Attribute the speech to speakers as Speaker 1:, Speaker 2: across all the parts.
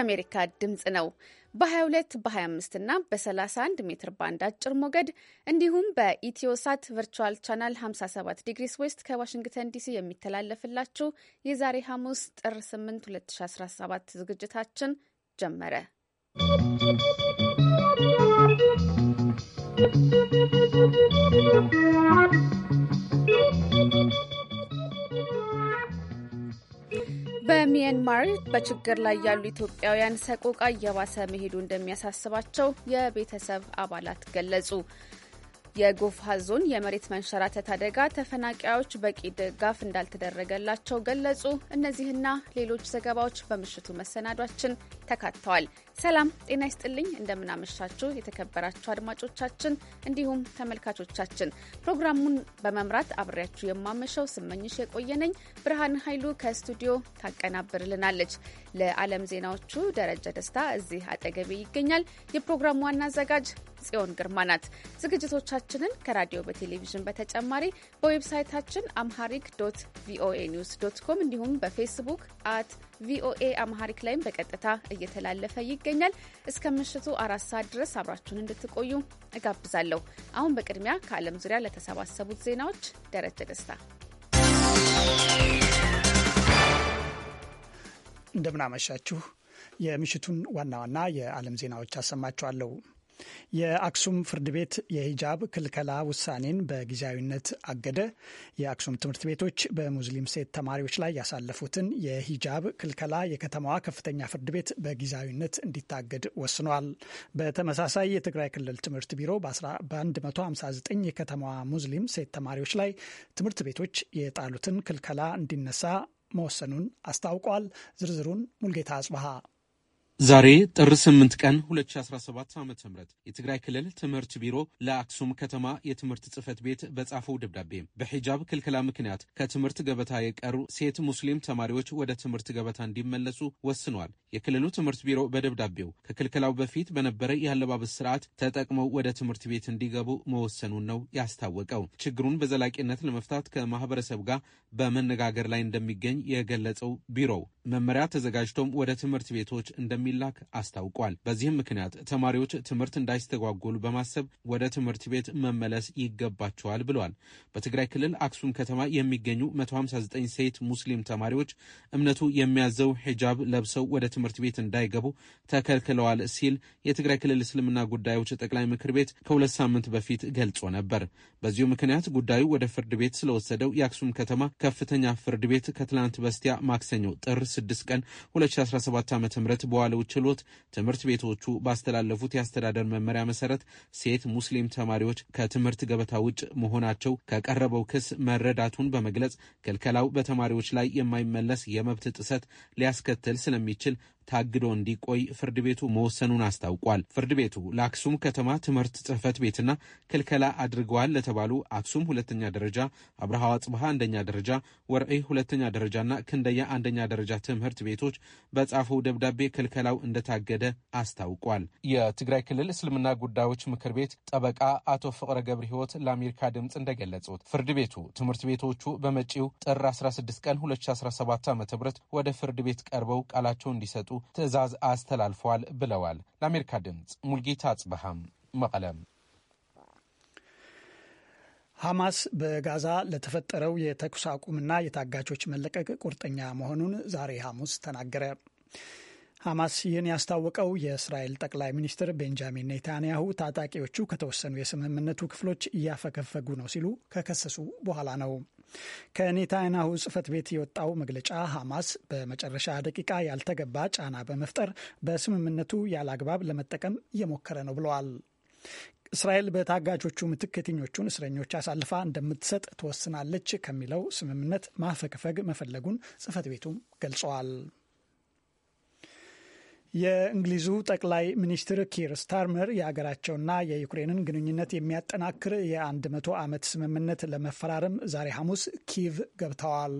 Speaker 1: የአሜሪካ ድምፅ ነው። በ22 በ25 እና በ31 ሜትር ባንድ አጭር ሞገድ እንዲሁም በኢትዮሳት ቨርቹዋል ቻናል 57 ዲግሪስ ዌስት ከዋሽንግተን ዲሲ የሚተላለፍላችሁ የዛሬ ሐሙስ ጥር 8 2017 ዝግጅታችን ጀመረ። ¶¶ በሚያንማር በችግር ላይ ያሉ ኢትዮጵያውያን ሰቆቃ እየባሰ መሄዱ እንደሚያሳስባቸው የቤተሰብ አባላት ገለጹ። የጎፋ ዞን የመሬት መንሸራተት አደጋ ተፈናቃዮች በቂ ድጋፍ እንዳልተደረገላቸው ገለጹ። እነዚህና ሌሎች ዘገባዎች በምሽቱ መሰናዷችን ተካተዋል። ሰላም ጤና ይስጥልኝ። እንደምናመሻችሁ የተከበራችሁ አድማጮቻችን እንዲሁም ተመልካቾቻችን፣ ፕሮግራሙን በመምራት አብሬያችሁ የማመሸው ስመኝሽ የቆየነኝ። ብርሃን ኃይሉ ከስቱዲዮ ታቀናብርልናለች። ለዓለም ዜናዎቹ ደረጀ ደስታ እዚህ አጠገቤ ይገኛል። የፕሮግራሙ ዋና አዘጋጅ ጽዮን ግርማ ናት። ዝግጅቶቻችንን ከራዲዮ በቴሌቪዥን በተጨማሪ በዌብሳይታችን አምሃሪክ ዶት ቪኦኤ ኒውስ ዶት ኮም እንዲሁም በፌስቡክ አት ቪኦኤ አማሃሪክ ላይም በቀጥታ እየተላለፈ ይገኛል። እስከ ምሽቱ አራት ሰዓት ድረስ አብራችሁን እንድትቆዩ እጋብዛለሁ። አሁን በቅድሚያ ከዓለም ዙሪያ ለተሰባሰቡት ዜናዎች ደረጀ ደስታ
Speaker 2: እንደምናመሻችሁ። የምሽቱን ዋና ዋና የዓለም ዜናዎች አሰማችኋለሁ። የአክሱም ፍርድ ቤት የሂጃብ ክልከላ ውሳኔን በጊዜያዊነት አገደ። የአክሱም ትምህርት ቤቶች በሙስሊም ሴት ተማሪዎች ላይ ያሳለፉትን የሂጃብ ክልከላ የከተማዋ ከፍተኛ ፍርድ ቤት በጊዜያዊነት እንዲታገድ ወስኗል። በተመሳሳይ የትግራይ ክልል ትምህርት ቢሮ በ159 የከተማዋ ሙስሊም ሴት ተማሪዎች ላይ ትምህርት ቤቶች የጣሉትን ክልከላ እንዲነሳ መወሰኑን አስታውቋል። ዝርዝሩን ሙልጌታ አጽበሃ
Speaker 3: ዛሬ ጥር 8 ቀን 2017 ዓ ም የትግራይ ክልል ትምህርት ቢሮ ለአክሱም ከተማ የትምህርት ጽህፈት ቤት በጻፈው ደብዳቤ በሒጃብ ክልክላ ምክንያት ከትምህርት ገበታ የቀሩ ሴት ሙስሊም ተማሪዎች ወደ ትምህርት ገበታ እንዲመለሱ ወስኗል። የክልሉ ትምህርት ቢሮ በደብዳቤው ከክልክላው በፊት በነበረ የአለባበስ ስርዓት ተጠቅመው ወደ ትምህርት ቤት እንዲገቡ መወሰኑን ነው ያስታወቀው። ችግሩን በዘላቂነት ለመፍታት ከማህበረሰብ ጋር በመነጋገር ላይ እንደሚገኝ የገለጸው ቢሮው መመሪያ ተዘጋጅቶም ወደ ትምህርት ቤቶች እንደሚ እንደሚላክ አስታውቋል። በዚህም ምክንያት ተማሪዎች ትምህርት እንዳይስተጓጎሉ በማሰብ ወደ ትምህርት ቤት መመለስ ይገባቸዋል ብሏል። በትግራይ ክልል አክሱም ከተማ የሚገኙ 159 ሴት ሙስሊም ተማሪዎች እምነቱ የሚያዘው ሂጃብ ለብሰው ወደ ትምህርት ቤት እንዳይገቡ ተከልክለዋል ሲል የትግራይ ክልል እስልምና ጉዳዮች ጠቅላይ ምክር ቤት ከሁለት ሳምንት በፊት ገልጾ ነበር። በዚሁ ምክንያት ጉዳዩ ወደ ፍርድ ቤት ስለወሰደው የአክሱም ከተማ ከፍተኛ ፍርድ ቤት ከትላንት በስቲያ ማክሰኞ ጥር 6 ቀን 2017 ዓ ም በዋለው ችሎት ትምህርት ቤቶቹ ባስተላለፉት የአስተዳደር መመሪያ መሰረት ሴት ሙስሊም ተማሪዎች ከትምህርት ገበታ ውጭ መሆናቸው ከቀረበው ክስ መረዳቱን በመግለጽ ክልከላው በተማሪዎች ላይ የማይመለስ የመብት ጥሰት ሊያስከትል ስለሚችል ታግዶ እንዲቆይ ፍርድ ቤቱ መወሰኑን አስታውቋል። ፍርድ ቤቱ ለአክሱም ከተማ ትምህርት ጽህፈት ቤትና ክልከላ አድርገዋል ለተባሉ አክሱም ሁለተኛ ደረጃ፣ አብርሃ አጽብሃ አንደኛ ደረጃ፣ ወርዒ ሁለተኛ ደረጃና ክንደያ አንደኛ ደረጃ ትምህርት ቤቶች በጻፈው ደብዳቤ ክልከላው እንደታገደ አስታውቋል። የትግራይ ክልል እስልምና ጉዳዮች ምክር ቤት ጠበቃ አቶ ፍቅረ ገብረ ህይወት ለአሜሪካ ድምፅ እንደገለጹት ፍርድ ቤቱ ትምህርት ቤቶቹ በመጪው ጥር 16 ቀን 2017 ዓ ም ወደ ፍርድ ቤት ቀርበው ቃላቸው እንዲሰጡ ትዕዛዝ አስተላልፏል ብለዋል። ለአሜሪካ ድምፅ ሙልጌታ አጽበሃም መቀለም።
Speaker 2: ሐማስ በጋዛ ለተፈጠረው የተኩስ አቁምና የታጋቾች መለቀቅ ቁርጠኛ መሆኑን ዛሬ ሐሙስ ተናገረ። ሐማስ ይህን ያስታወቀው የእስራኤል ጠቅላይ ሚኒስትር ቤንጃሚን ኔታንያሁ ታጣቂዎቹ ከተወሰኑ የስምምነቱ ክፍሎች እያፈገፈጉ ነው ሲሉ ከከሰሱ በኋላ ነው። ከኔታንያሁ ጽህፈት ቤት የወጣው መግለጫ ሐማስ በመጨረሻ ደቂቃ ያልተገባ ጫና በመፍጠር በስምምነቱ ያለአግባብ ለመጠቀም እየሞከረ ነው ብለዋል። እስራኤል በታጋቾቹ ምትክ የትኞቹን እስረኞች አሳልፋ እንደምትሰጥ ትወስናለች ከሚለው ስምምነት ማፈግፈግ መፈለጉን ጽህፈት ቤቱም ገልጸዋል። የእንግሊዙ ጠቅላይ ሚኒስትር ኪር ስታርመር የሀገራቸውና የዩክሬንን ግንኙነት የሚያጠናክር የ100 ዓመት ስምምነት ለመፈራረም ዛሬ ሐሙስ ኪቭ ገብተዋል።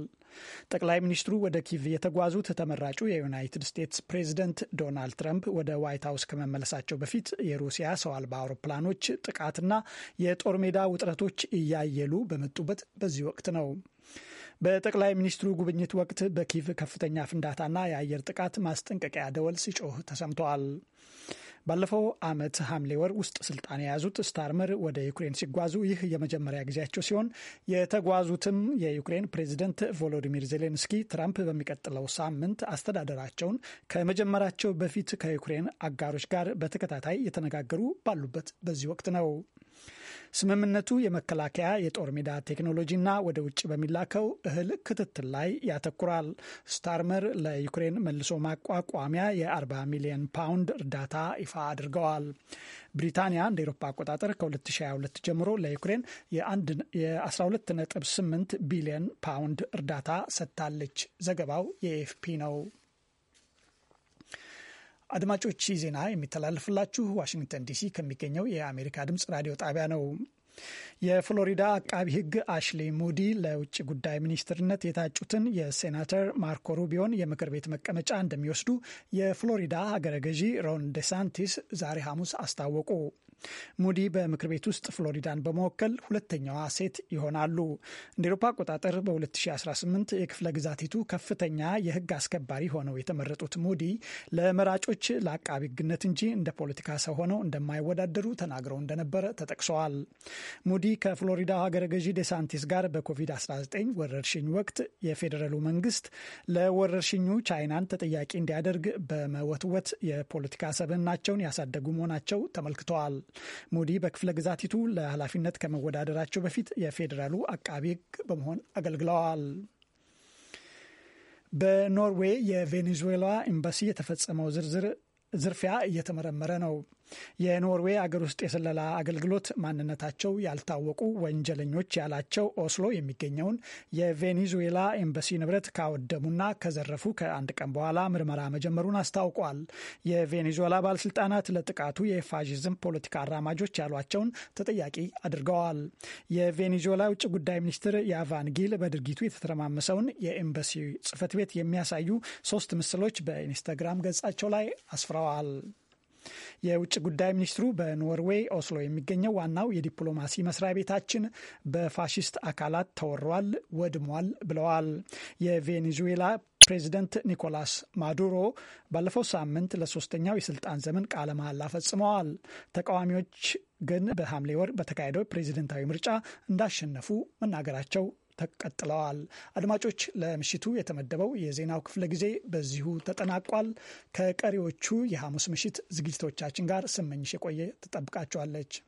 Speaker 2: ጠቅላይ ሚኒስትሩ ወደ ኪቭ የተጓዙት ተመራጩ የዩናይትድ ስቴትስ ፕሬዝደንት ዶናልድ ትራምፕ ወደ ዋይት ሀውስ ከመመለሳቸው በፊት የሩሲያ ሰው አልባ አውሮፕላኖች ጥቃትና የጦር ሜዳ ውጥረቶች እያየሉ በመጡበት በዚህ ወቅት ነው። በጠቅላይ ሚኒስትሩ ጉብኝት ወቅት በኪቭ ከፍተኛ ፍንዳታና የአየር ጥቃት ማስጠንቀቂያ ደወል ሲጮህ ተሰምተዋል። ባለፈው ዓመት ሐምሌ ወር ውስጥ ስልጣን የያዙት ስታርመር ወደ ዩክሬን ሲጓዙ ይህ የመጀመሪያ ጊዜያቸው ሲሆን የተጓዙትም የዩክሬን ፕሬዚደንት ቮሎዲሚር ዜሌንስኪ ትራምፕ በሚቀጥለው ሳምንት አስተዳደራቸውን ከመጀመራቸው በፊት ከዩክሬን አጋሮች ጋር በተከታታይ የተነጋገሩ ባሉበት በዚህ ወቅት ነው። ስምምነቱ የመከላከያ የጦር ሜዳ ቴክኖሎጂና ወደ ውጭ በሚላከው እህል ክትትል ላይ ያተኩራል። ስታርመር ለዩክሬን መልሶ ማቋቋሚያ የ40 ሚሊዮን ፓውንድ እርዳታ ይፋ አድርገዋል። ብሪታንያ እንደ ኤሮፓ አቆጣጠር ከ2022 ጀምሮ ለዩክሬን የ12.8 ቢሊዮን ፓውንድ እርዳታ ሰጥታለች። ዘገባው የኤፍፒ ነው። አድማጮች ዜና የሚተላለፍላችሁ ዋሽንግተን ዲሲ ከሚገኘው የአሜሪካ ድምጽ ራዲዮ ጣቢያ ነው። የፍሎሪዳ አቃቢ ሕግ አሽሊ ሙዲ ለውጭ ጉዳይ ሚኒስትርነት የታጩትን የሴናተር ማርኮ ሩቢዮን የምክር ቤት መቀመጫ እንደሚወስዱ የፍሎሪዳ ሀገረ ገዢ ሮን ዴሳንቲስ ዛሬ ሐሙስ አስታወቁ። ሙዲ በምክር ቤት ውስጥ ፍሎሪዳን በመወከል ሁለተኛዋ ሴት ይሆናሉ። እንደ ኤሮፓ አቆጣጠር በ2018 የክፍለ ግዛቲቱ ከፍተኛ የህግ አስከባሪ ሆነው የተመረጡት ሙዲ ለመራጮች ለአቃቢ ህግነት እንጂ እንደ ፖለቲካ ሰው ሆነው እንደማይወዳደሩ ተናግረው እንደነበረ ተጠቅሰዋል። ሙዲ ከፍሎሪዳ ሀገረ ገዢ ዴሳንቲስ ጋር በኮቪድ-19 ወረርሽኝ ወቅት የፌዴራሉ መንግስት ለወረርሽኙ ቻይናን ተጠያቂ እንዲያደርግ በመወትወት የፖለቲካ ሰብዕናቸውን ያሳደጉ መሆናቸው ተመልክተዋል። ሞዲ በክፍለ ግዛቲቱ ለኃላፊነት ከመወዳደራቸው በፊት የፌዴራሉ አቃቢ ሕግ በመሆን አገልግለዋል። በኖርዌይ የቬኔዙዌላ ኤምባሲ የተፈጸመው ዝርዝር ዝርፊያ እየተመረመረ ነው። የኖርዌይ አገር ውስጥ የስለላ አገልግሎት ማንነታቸው ያልታወቁ ወንጀለኞች ያላቸው ኦስሎ የሚገኘውን የቬኔዙዌላ ኤምባሲ ንብረት ካወደሙና ከዘረፉ ከአንድ ቀን በኋላ ምርመራ መጀመሩን አስታውቋል። የቬኔዙዌላ ባለስልጣናት ለጥቃቱ የፋሽዝም ፖለቲካ አራማጆች ያሏቸውን ተጠያቂ አድርገዋል። የቬኔዙዌላ ውጭ ጉዳይ ሚኒስትር ጊል በድርጊቱ የተተረማመሰውን የኤምባሲ ጽህፈት ቤት የሚያሳዩ ሶስት ምስሎች በኢንስታግራም ገጻቸው ላይ አስፍረዋል። የውጭ ጉዳይ ሚኒስትሩ በኖርዌይ ኦስሎ የሚገኘው ዋናው የዲፕሎማሲ መስሪያ ቤታችን በፋሽስት አካላት ተወሯል፣ ወድሟል ብለዋል። የቬኔዙዌላ ፕሬዚደንት ኒኮላስ ማዱሮ ባለፈው ሳምንት ለሶስተኛው የስልጣን ዘመን ቃለ መሐላ ፈጽመዋል። ተቃዋሚዎች ግን በሐምሌ ወር በተካሄደው ፕሬዚደንታዊ ምርጫ እንዳሸነፉ መናገራቸው ተቀጥለዋል። አድማጮች፣ ለምሽቱ የተመደበው የዜናው ክፍለ ጊዜ በዚሁ ተጠናቋል። ከቀሪዎቹ የሐሙስ ምሽት ዝግጅቶቻችን ጋር ስመኝሽ የቆየ ትጠብቃችኋለች።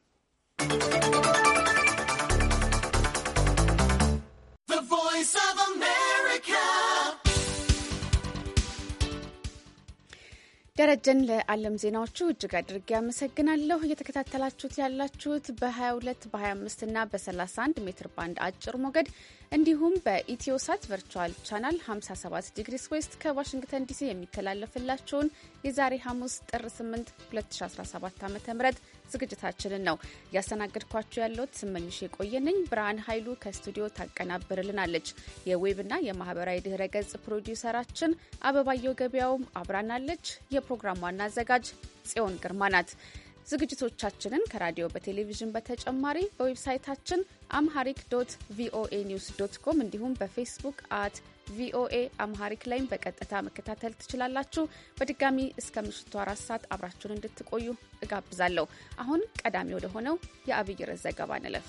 Speaker 1: ደረጀን ለዓለም ዜናዎቹ እጅግ አድርጌ አመሰግናለሁ። እየተከታተላችሁት ያላችሁት በ22 በ25 እና በ31 ሜትር ባንድ አጭር ሞገድ እንዲሁም በኢትዮሳት ቨርቹዋል ቻናል 57 ዲግሪስ ዌስት ከዋሽንግተን ዲሲ የሚተላለፍላችሁን የዛሬ ሐሙስ ጥር 8 2017 ዓ ም ዝግጅታችንን ነው እያስተናገድኳችሁ ያለሁት ስመኝሽ የቆየንኝ። ብርሃን ኃይሉ ከስቱዲዮ ታቀናብርልናለች። የዌብና የማህበራዊ ድህረ ገጽ ፕሮዲውሰራችን አበባየው ገበያውም አብራናለች። የፕሮግራም ዋና አዘጋጅ ጽዮን ግርማ ናት። ዝግጅቶቻችንን ከራዲዮ በቴሌቪዥን በተጨማሪ በዌብሳይታችን አምሃሪክ ዶት ቪኦኤ ኒውስ ዶት ኮም እንዲሁም በፌስቡክ አት ቪኦኤ አምሃሪክ ላይም በቀጥታ መከታተል ትችላላችሁ። በድጋሚ እስከ ምሽቱ አራት ሰዓት አብራችሁን እንድትቆዩ እጋብዛለሁ። አሁን ቀዳሚ ወደ ሆነው የአብይ ርዕስ ዘገባ ንለፍ።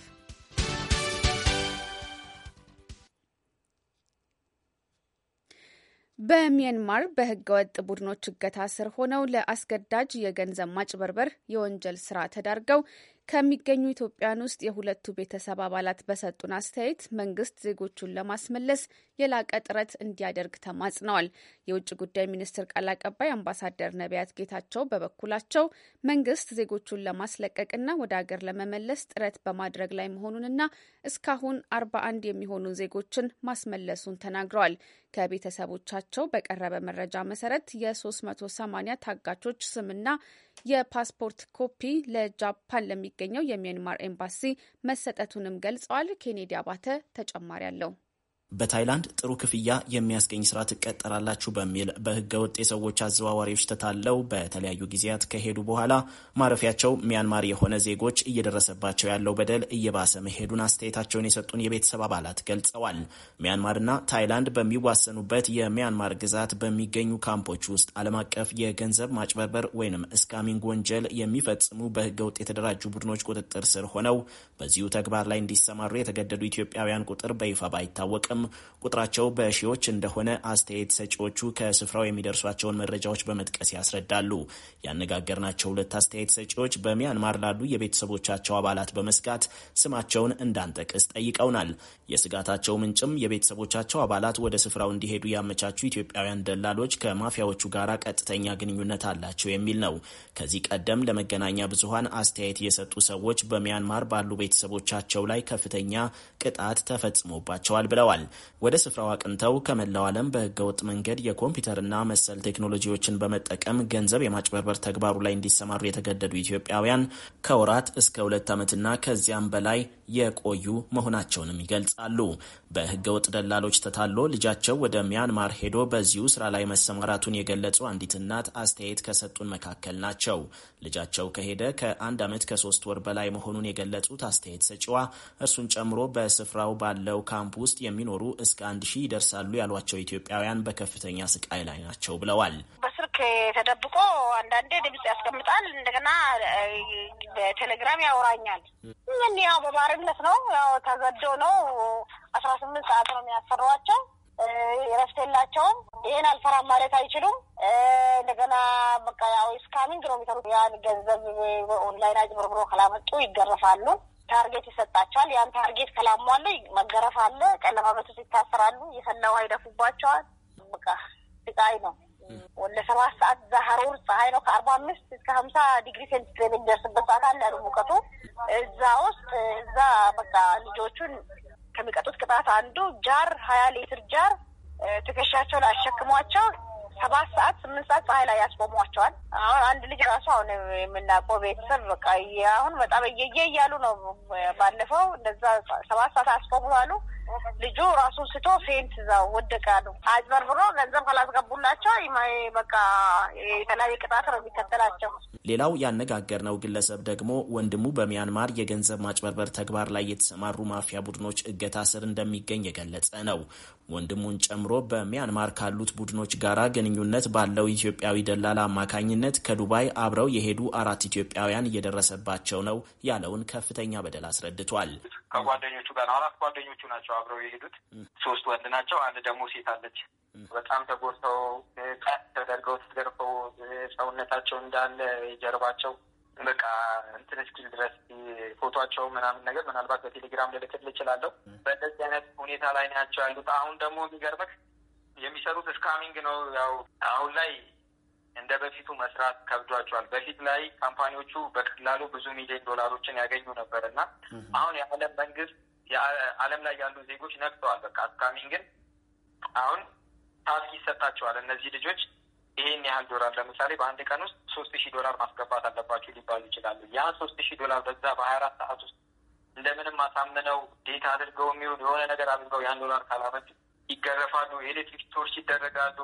Speaker 1: በሚያንማር በህገወጥ ቡድኖች እገታ ስር ሆነው ለአስገዳጅ የገንዘብ ማጭበርበር የወንጀል ስራ ተዳርገው ከሚገኙ ኢትዮጵያን ውስጥ የሁለቱ ቤተሰብ አባላት በሰጡን አስተያየት መንግስት ዜጎቹን ለማስመለስ የላቀ ጥረት እንዲያደርግ ተማጽነዋል። የውጭ ጉዳይ ሚኒስትር ቃል አቀባይ አምባሳደር ነቢያት ጌታቸው በበኩላቸው መንግስት ዜጎቹን ለማስለቀቅና ወደ አገር ለመመለስ ጥረት በማድረግ ላይ መሆኑንና እስካሁን አርባ አንድ የሚሆኑ ዜጎችን ማስመለሱን ተናግረዋል። ከቤተሰቦቻቸው በቀረበ መረጃ መሰረት የ380 ታጋቾች ስምና የፓስፖርት ኮፒ ለጃፓን ለሚገኘው የሚያንማር ኤምባሲ መሰጠቱንም ገልጸዋል። ኬኔዲ አባተ ተጨማሪ አለው።
Speaker 4: በታይላንድ ጥሩ ክፍያ የሚያስገኝ ስራ ትቀጠራላችሁ በሚል በህገ ወጥ የሰዎች አዘዋዋሪዎች ተታለው በተለያዩ ጊዜያት ከሄዱ በኋላ ማረፊያቸው ሚያንማር የሆነ ዜጎች እየደረሰባቸው ያለው በደል እየባሰ መሄዱን አስተያየታቸውን የሰጡን የቤተሰብ አባላት ገልጸዋል። ሚያንማርና ታይላንድ በሚዋሰኑበት የሚያንማር ግዛት በሚገኙ ካምፖች ውስጥ ዓለም አቀፍ የገንዘብ ማጭበርበር ወይም እስካሚንግ ወንጀል የሚፈጽሙ በህገ ወጥ የተደራጁ ቡድኖች ቁጥጥር ስር ሆነው በዚሁ ተግባር ላይ እንዲሰማሩ የተገደዱ ኢትዮጵያውያን ቁጥር በይፋ ባይታወቅም ቁጥራቸው በሺዎች እንደሆነ አስተያየት ሰጪዎቹ ከስፍራው የሚደርሷቸውን መረጃዎች በመጥቀስ ያስረዳሉ። ያነጋገርናቸው ሁለት አስተያየት ሰጪዎች በሚያንማር ላሉ የቤተሰቦቻቸው አባላት በመስጋት ስማቸውን እንዳንጠቅስ ጠይቀውናል። የስጋታቸው ምንጭም የቤተሰቦቻቸው አባላት ወደ ስፍራው እንዲሄዱ ያመቻቹ ኢትዮጵያውያን ደላሎች ከማፊያዎቹ ጋር ቀጥተኛ ግንኙነት አላቸው የሚል ነው። ከዚህ ቀደም ለመገናኛ ብዙሃን አስተያየት የሰጡ ሰዎች በሚያንማር ባሉ ቤተሰቦቻቸው ላይ ከፍተኛ ቅጣት ተፈጽሞባቸዋል ብለዋል። ወደ ስፍራው አቅንተው ከመላው ዓለም በህገወጥ መንገድ የኮምፒውተርና መሰል ቴክኖሎጂዎችን በመጠቀም ገንዘብ የማጭበርበር ተግባሩ ላይ እንዲሰማሩ የተገደዱ ኢትዮጵያውያን ከወራት እስከ ሁለት ዓመትና ከዚያም በላይ የቆዩ መሆናቸውንም ይገልጻሉ። በህገወጥ ደላሎች ተታሎ ልጃቸው ወደ ሚያንማር ሄዶ በዚሁ ስራ ላይ መሰማራቱን የገለጹ አንዲት እናት አስተያየት ከሰጡን መካከል ናቸው። ልጃቸው ከሄደ ከአንድ ዓመት ከሶስት ወር በላይ መሆኑን የገለጹት አስተያየት ሰጪዋ እርሱን ጨምሮ በስፍራው ባለው ካምፕ ውስጥ የሚኖሩ እስከ አንድ ሺህ ይደርሳሉ ያሏቸው ኢትዮጵያውያን በከፍተኛ ስቃይ ላይ ናቸው ብለዋል።
Speaker 5: ስልክ ተደብቆ አንዳንዴ ድምጽ ያስቀምጣል፣ እንደገና በቴሌግራም ያወራኛል። ምን ያው በባርነት ነው፣ ያው ተገዶ ነው። አስራ ስምንት ሰዓት ነው የሚያሰሯቸው። እረፍት የላቸውም። ይህን አልፈራም ማለት አይችሉም። እንደገና በቃ ያው ስካሚንግ ነው የሚሰሩት። ያን ገንዘብ ኦንላይን አጭበርብሮ ካላመጡ ይገረፋሉ። ታርጌት ይሰጣቸዋል። ያን ታርጌት ከላሟሉ መገረፍ አለ። ቀለማመቱ ይታሰራሉ። የፈላው አይደፉባቸዋል። በቃ ስቃይ ነው። ለሰባት ሰዓት እዛ ሀሩር ፀሐይ ነው ከአርባ አምስት እስከ ሀምሳ ዲግሪ ሴንቲግሬድ የሚደርስበት ሰዓት አለ አሉ ሙቀቱ እዛ ውስጥ እዛ በቃ ልጆቹን ከሚቀጡት ቅጣት አንዱ ጃር ሀያ ሊትር ጃር ትከሻቸው ላይ አሸክሟቸው ሰባት ሰዓት ስምንት ሰዓት ፀሐይ ላይ ያስቆሟቸዋል። አሁን አንድ ልጅ ራሱ አሁን የምናውቀው ቤተሰብ በቃ አሁን በጣም እየየ እያሉ ነው። ባለፈው እንደዛ ሰባት ሰዓት አስቆሟሉ። ልጁ ራሱን ስቶ ፌንት እዛው ወደቀ አሉ። አጭበርብሮ ገንዘብ ካላስገቡላቸው በቃ የተለያየ ቅጣት ነው የሚከተላቸው።
Speaker 4: ሌላው ያነጋገርነው ግለሰብ ደግሞ ወንድሙ በሚያንማር የገንዘብ ማጭበርበር ተግባር ላይ የተሰማሩ ማፊያ ቡድኖች እገታ ስር እንደሚገኝ የገለጸ ነው። ወንድሙን ጨምሮ በሚያንማር ካሉት ቡድኖች ጋራ ግንኙነት ባለው ኢትዮጵያዊ ደላላ አማካኝነት ከዱባይ አብረው የሄዱ አራት ኢትዮጵያውያን እየደረሰባቸው ነው ያለውን ከፍተኛ በደል አስረድቷል።
Speaker 6: ከጓደኞቹ ጋር አራት ጓደኞቹ ናቸው ናቸው አብረው የሄዱት። ሶስት ወንድ ናቸው፣ አንድ ደግሞ ሴት አለች። በጣም ተጎድተው ቃት ተደርገው ተገርፈው ሰውነታቸው እንዳለ የጀርባቸው በቃ እንትን እስኪል ድረስ ፎቶቸው ምናምን ነገር ምናልባት በቴሌግራም ልልክል እችላለሁ። በእንደዚህ አይነት ሁኔታ ላይ ናቸው ያሉት። አሁን ደግሞ የሚገርምህ የሚሰሩት ስካሚንግ ነው። ያው አሁን ላይ እንደ በፊቱ መስራት ከብዷቸዋል። በፊት ላይ ካምፓኒዎቹ በቀላሉ ብዙ ሚሊዮን ዶላሮችን ያገኙ ነበር እና አሁን የዓለም መንግስት የዓለም ላይ ያሉ ዜጎች ነቅተዋል። በቃ አስካሚን ግን አሁን ታስክ ይሰጣቸዋል። እነዚህ ልጆች ይሄን ያህል ዶላር ለምሳሌ በአንድ ቀን ውስጥ ሶስት ሺህ ዶላር ማስገባት አለባቸው ሊባሉ ይችላሉ። ያ ሶስት ሺህ ዶላር በዛ በሀያ አራት ሰዓት ውስጥ እንደምንም አሳምነው ዴት አድርገው የሚሆን የሆነ ነገር አድርገው ያን ዶላር ካላመጡ ይገረፋሉ፣ የኤሌክትሪክ ቶርች ይደረጋሉ።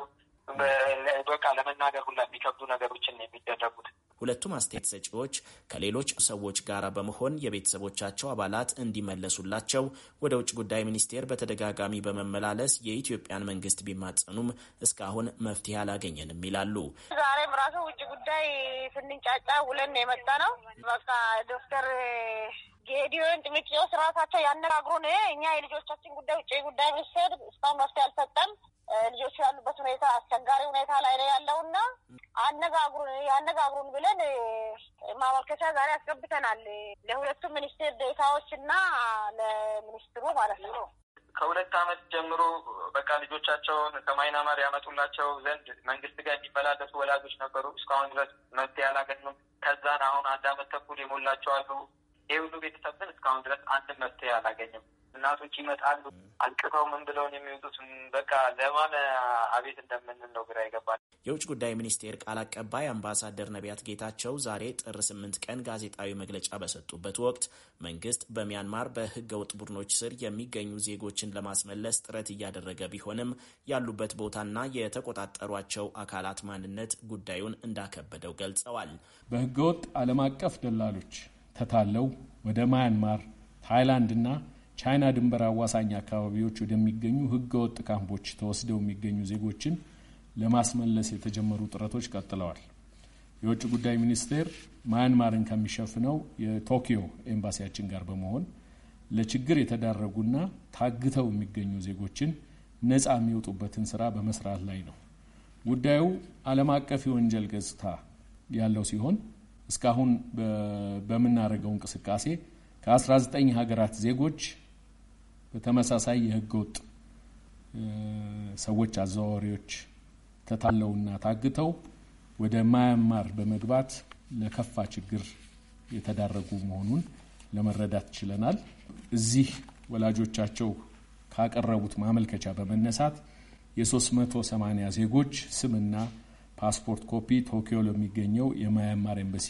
Speaker 6: በቃ ለመናገር ሁላ የሚከብዱ ነገሮችን የሚደረጉት
Speaker 4: ሁለቱም አስተያየት ሰጪዎች ከሌሎች ሰዎች ጋር በመሆን የቤተሰቦቻቸው አባላት እንዲመለሱላቸው ወደ ውጭ ጉዳይ ሚኒስቴር በተደጋጋሚ በመመላለስ የኢትዮጵያን መንግስት ቢማጸኑም እስካሁን መፍትሄ አላገኘንም ይላሉ።
Speaker 5: ዛሬም ራሱ ውጭ ጉዳይ ስንንጫጫ ውለን የመጣ ነው። በቃ ዶክተር የዲዮን ጥምጭዮ ስርዓታቸው ያነጋግሩን። እኛ የልጆቻችን ጉዳይ ውጭ ጉዳይ ሚኒስቴር እስካሁን መፍትሄ አልሰጠም። ልጆቹ ያሉበት ሁኔታ አስቸጋሪ ሁኔታ ላይ ነው ያለውና አነጋግሩን ያነጋግሩን ብለን ማመልከቻ ዛሬ አስገብተናል ለሁለቱም ሚኒስቴር ዴታዎች እና ለሚኒስትሩ ማለት ነው።
Speaker 6: ከሁለት ዓመት ጀምሮ በቃ ልጆቻቸውን ከማይናማር ያመጡላቸው ዘንድ መንግስት ጋር የሚመላለሱ ወላጆች ነበሩ። እስካሁን ድረስ መፍትሄ አላገኙም። ከዛን አሁን አንድ ዓመት ተኩል የሞላቸው አሉ። ይህ ሁሉ ቤተሰብ ግን እስካሁን ድረስ አንድ መፍትሄ አላገኘም። እናቶች ይመጣሉ አልቅተው ምን ብለውን የሚወጡት በቃ ለማን አቤት እንደምንል ነው ግራ ይገባል።
Speaker 4: የውጭ ጉዳይ ሚኒስቴር ቃል አቀባይ አምባሳደር ነቢያት ጌታቸው ዛሬ ጥር ስምንት ቀን ጋዜጣዊ መግለጫ በሰጡበት ወቅት መንግስት በሚያንማር በህገ ወጥ ቡድኖች ስር የሚገኙ ዜጎችን ለማስመለስ ጥረት እያደረገ ቢሆንም ያሉበት ቦታና የተቆጣጠሯቸው አካላት ማንነት ጉዳዩን እንዳከበደው ገልጸዋል።
Speaker 7: በህገ ወጥ ዓለም አቀፍ ደላሎች ተታለው ወደ ማያንማር፣ ታይላንድ እና ቻይና ድንበር አዋሳኝ አካባቢዎች ወደሚገኙ ህገወጥ ካምፖች ተወስደው የሚገኙ ዜጎችን ለማስመለስ የተጀመሩ ጥረቶች ቀጥለዋል። የውጭ ጉዳይ ሚኒስቴር ማያንማርን ከሚሸፍነው የቶኪዮ ኤምባሲያችን ጋር በመሆን ለችግር የተዳረጉና ታግተው የሚገኙ ዜጎችን ነጻ የሚወጡበትን ስራ በመስራት ላይ ነው። ጉዳዩ ዓለም አቀፍ የወንጀል ገጽታ ያለው ሲሆን እስካሁን በምናደርገው እንቅስቃሴ ከ19 ሀገራት ዜጎች በተመሳሳይ የህገወጥ ሰዎች አዘዋዋሪዎች ተታለውና ታግተው ወደ ማያማር በመግባት ለከፋ ችግር የተዳረጉ መሆኑን ለመረዳት ችለናል። እዚህ ወላጆቻቸው ካቀረቡት ማመልከቻ በመነሳት የ380 ዜጎች ስምና ፓስፖርት ኮፒ ቶኪዮ ለሚገኘው የማያማር ኤምባሲ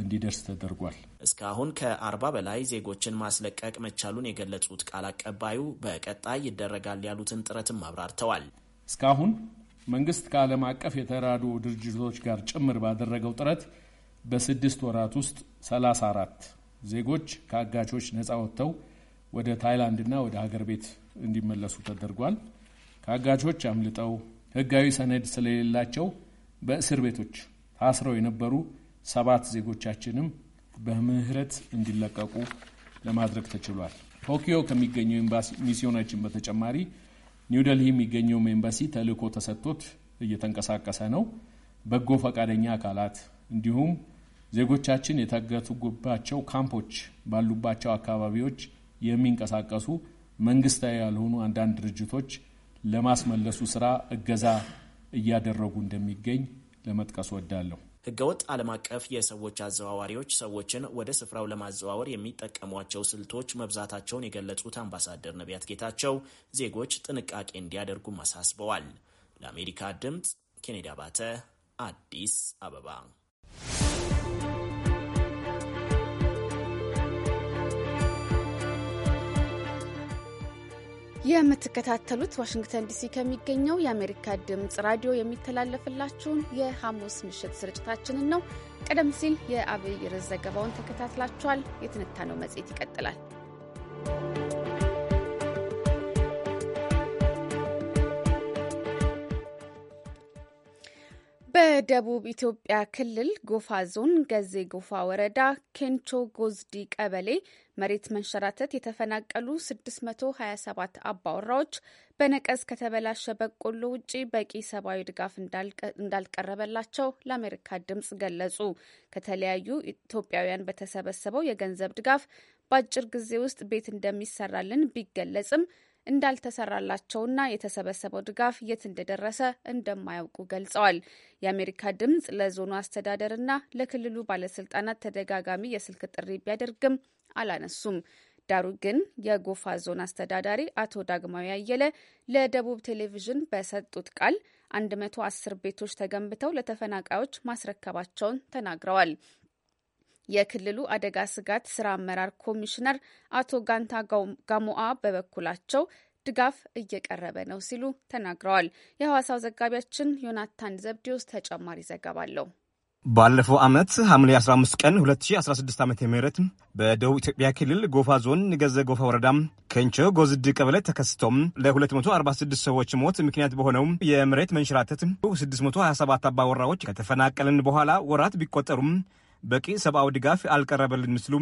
Speaker 7: እንዲደርስ ተደርጓል።
Speaker 4: እስካሁን ከአርባ በላይ ዜጎችን ማስለቀቅ መቻሉን የገለጹት ቃል አቀባዩ በቀጣይ ይደረጋል ያሉትን
Speaker 7: ጥረትም አብራርተዋል። እስካሁን መንግስት ከዓለም አቀፍ የተራዱ ድርጅቶች ጋር ጭምር ባደረገው ጥረት በስድስት ወራት ውስጥ 34 ዜጎች ከአጋቾች ነፃ ወጥተው ወደ ታይላንድና ወደ ሀገር ቤት እንዲመለሱ ተደርጓል። ከአጋቾች አምልጠው ህጋዊ ሰነድ ስለሌላቸው በእስር ቤቶች ታስረው የነበሩ ሰባት ዜጎቻችንም በምህረት እንዲለቀቁ ለማድረግ ተችሏል። ቶኪዮ ከሚገኘው ሚስዮናችን በተጨማሪ ኒውደልሂ የሚገኘውም ኤምባሲ ተልእኮ ተሰጥቶት እየተንቀሳቀሰ ነው። በጎ ፈቃደኛ አካላት እንዲሁም ዜጎቻችን የታገቱባቸው ካምፖች ባሉባቸው አካባቢዎች የሚንቀሳቀሱ መንግስታዊ ያልሆኑ አንዳንድ ድርጅቶች ለማስመለሱ ስራ እገዛ እያደረጉ እንደሚገኝ ለመጥቀስ ወዳለሁ።
Speaker 4: ህገወጥ ዓለም አቀፍ የሰዎች አዘዋዋሪዎች ሰዎችን ወደ ስፍራው ለማዘዋወር የሚጠቀሟቸው ስልቶች መብዛታቸውን የገለጹት አምባሳደር ነቢያት ጌታቸው ዜጎች ጥንቃቄ እንዲያደርጉም አሳስበዋል። ለአሜሪካ ድምፅ ኬኔዲ አባተ አዲስ አበባ
Speaker 1: የምትከታተሉት ዋሽንግተን ዲሲ ከሚገኘው የአሜሪካ ድምፅ ራዲዮ የሚተላለፍላችሁን የሐሙስ ምሽት ስርጭታችንን ነው። ቀደም ሲል የአብይ ርዕስ ዘገባውን ተከታትላችኋል። የትንታኔው መጽሔት ይቀጥላል። በደቡብ ኢትዮጵያ ክልል ጎፋ ዞን ገዜ ጎፋ ወረዳ ኬንቾ ጎዝዲ ቀበሌ መሬት መንሸራተት የተፈናቀሉ 627 አባወራዎች በነቀዝ ከተበላሸ በቆሎ ውጪ በቂ ሰብአዊ ድጋፍ እንዳልቀረበላቸው ለአሜሪካ ድምጽ ገለጹ። ከተለያዩ ኢትዮጵያውያን በተሰበሰበው የገንዘብ ድጋፍ በአጭር ጊዜ ውስጥ ቤት እንደሚሰራልን ቢገለጽም እንዳልተሰራላቸውና የተሰበሰበው ድጋፍ የት እንደደረሰ እንደማያውቁ ገልጸዋል። የአሜሪካ ድምፅ ለዞኑ አስተዳደርና ለክልሉ ባለስልጣናት ተደጋጋሚ የስልክ ጥሪ ቢያደርግም አላነሱም። ዳሩ ግን የጎፋ ዞን አስተዳዳሪ አቶ ዳግማዊ አየለ ለደቡብ ቴሌቪዥን በሰጡት ቃል 110 ቤቶች ተገንብተው ለተፈናቃዮች ማስረከባቸውን ተናግረዋል። የክልሉ አደጋ ስጋት ስራ አመራር ኮሚሽነር አቶ ጋንታ ጋሞአ በበኩላቸው ድጋፍ እየቀረበ ነው ሲሉ ተናግረዋል። የሐዋሳው ዘጋቢያችን ዮናታን ዘብዲዮስ ተጨማሪ ዘገባ አለው።
Speaker 8: ባለፈው ዓመት ሐምሌ 15 ቀን 2016 ዓ ም በደቡብ ኢትዮጵያ ክልል ጎፋ ዞን ገዘ ጎፋ ወረዳ ከንቾ ጎዝድ ቀበሌ ተከስቶም ለ246 ሰዎች ሞት ምክንያት በሆነው የመሬት መንሸራተት 627 አባወራዎች ከተፈናቀልን በኋላ ወራት ቢቆጠሩም በቂ ሰብአዊ ድጋፍ አልቀረበልን ምስሉ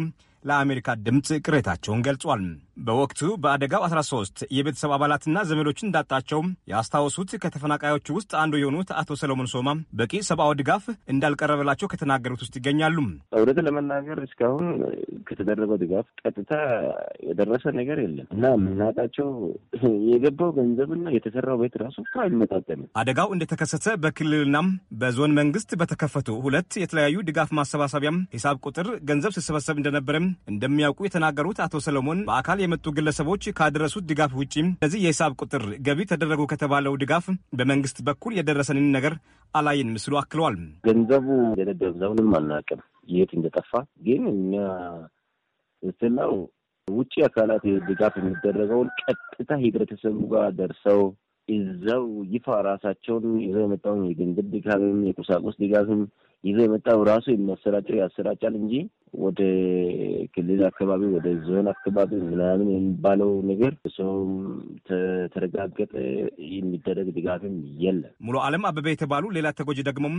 Speaker 8: ለአሜሪካ ድምፅ ቅሬታቸውን ገልጿል። በወቅቱ በአደጋው 13 የቤተሰብ አባላትና ዘመዶችን እንዳጣቸው ያስታወሱት ከተፈናቃዮች ውስጥ አንዱ የሆኑት አቶ ሰለሞን ሶማ በቂ ሰብአዊ ድጋፍ እንዳልቀረበላቸው ከተናገሩት ውስጥ ይገኛሉ።
Speaker 9: እውነት ለመናገር እስካሁን ከተደረገው ድጋፍ ቀጥታ የደረሰ ነገር የለም እና የምናጣቸው የገባው ገንዘብና የተሰራው ቤት ራሱ አይመጣጠንም።
Speaker 8: አደጋው እንደተከሰተ በክልልና በዞን መንግስት በተከፈቱ ሁለት የተለያዩ ድጋፍ ማሰባሰ ማሰባሰቢያም ሂሳብ ቁጥር ገንዘብ ሲሰበሰብ እንደነበረም እንደሚያውቁ የተናገሩት አቶ ሰለሞን በአካል የመጡ ግለሰቦች ካደረሱት ድጋፍ ውጪ ለዚህ የሂሳብ ቁጥር ገቢ ተደረጉ ከተባለው ድጋፍ በመንግስት በኩል የደረሰንን ነገር አላይን ምስሉ አክለዋል።
Speaker 9: ገንዘቡ የደብዛውንም አናውቅም የት እንደጠፋ ግን እኛ ስናው ውጭ አካላት ድጋፍ የሚደረገውን ቀጥታ ህብረተሰቡ ጋር ደርሰው እዛው ይፋ ራሳቸውን ይዘው የመጣውን የገንዘብ ድጋፍም የቁሳቁስ ድጋፍም ይዘው የመጣው ራሱ የሚያሰራጨው ያሰራጫል እንጂ ወደ ክልል አካባቢ ወደ ዞን አካባቢ ምናምን የሚባለው ነገር ሰውም ተረጋገጠ የሚደረግ ድጋፍም የለም።
Speaker 8: ሙሉ አለም አበበ የተባሉ ሌላ ተጎጂ ደግሞም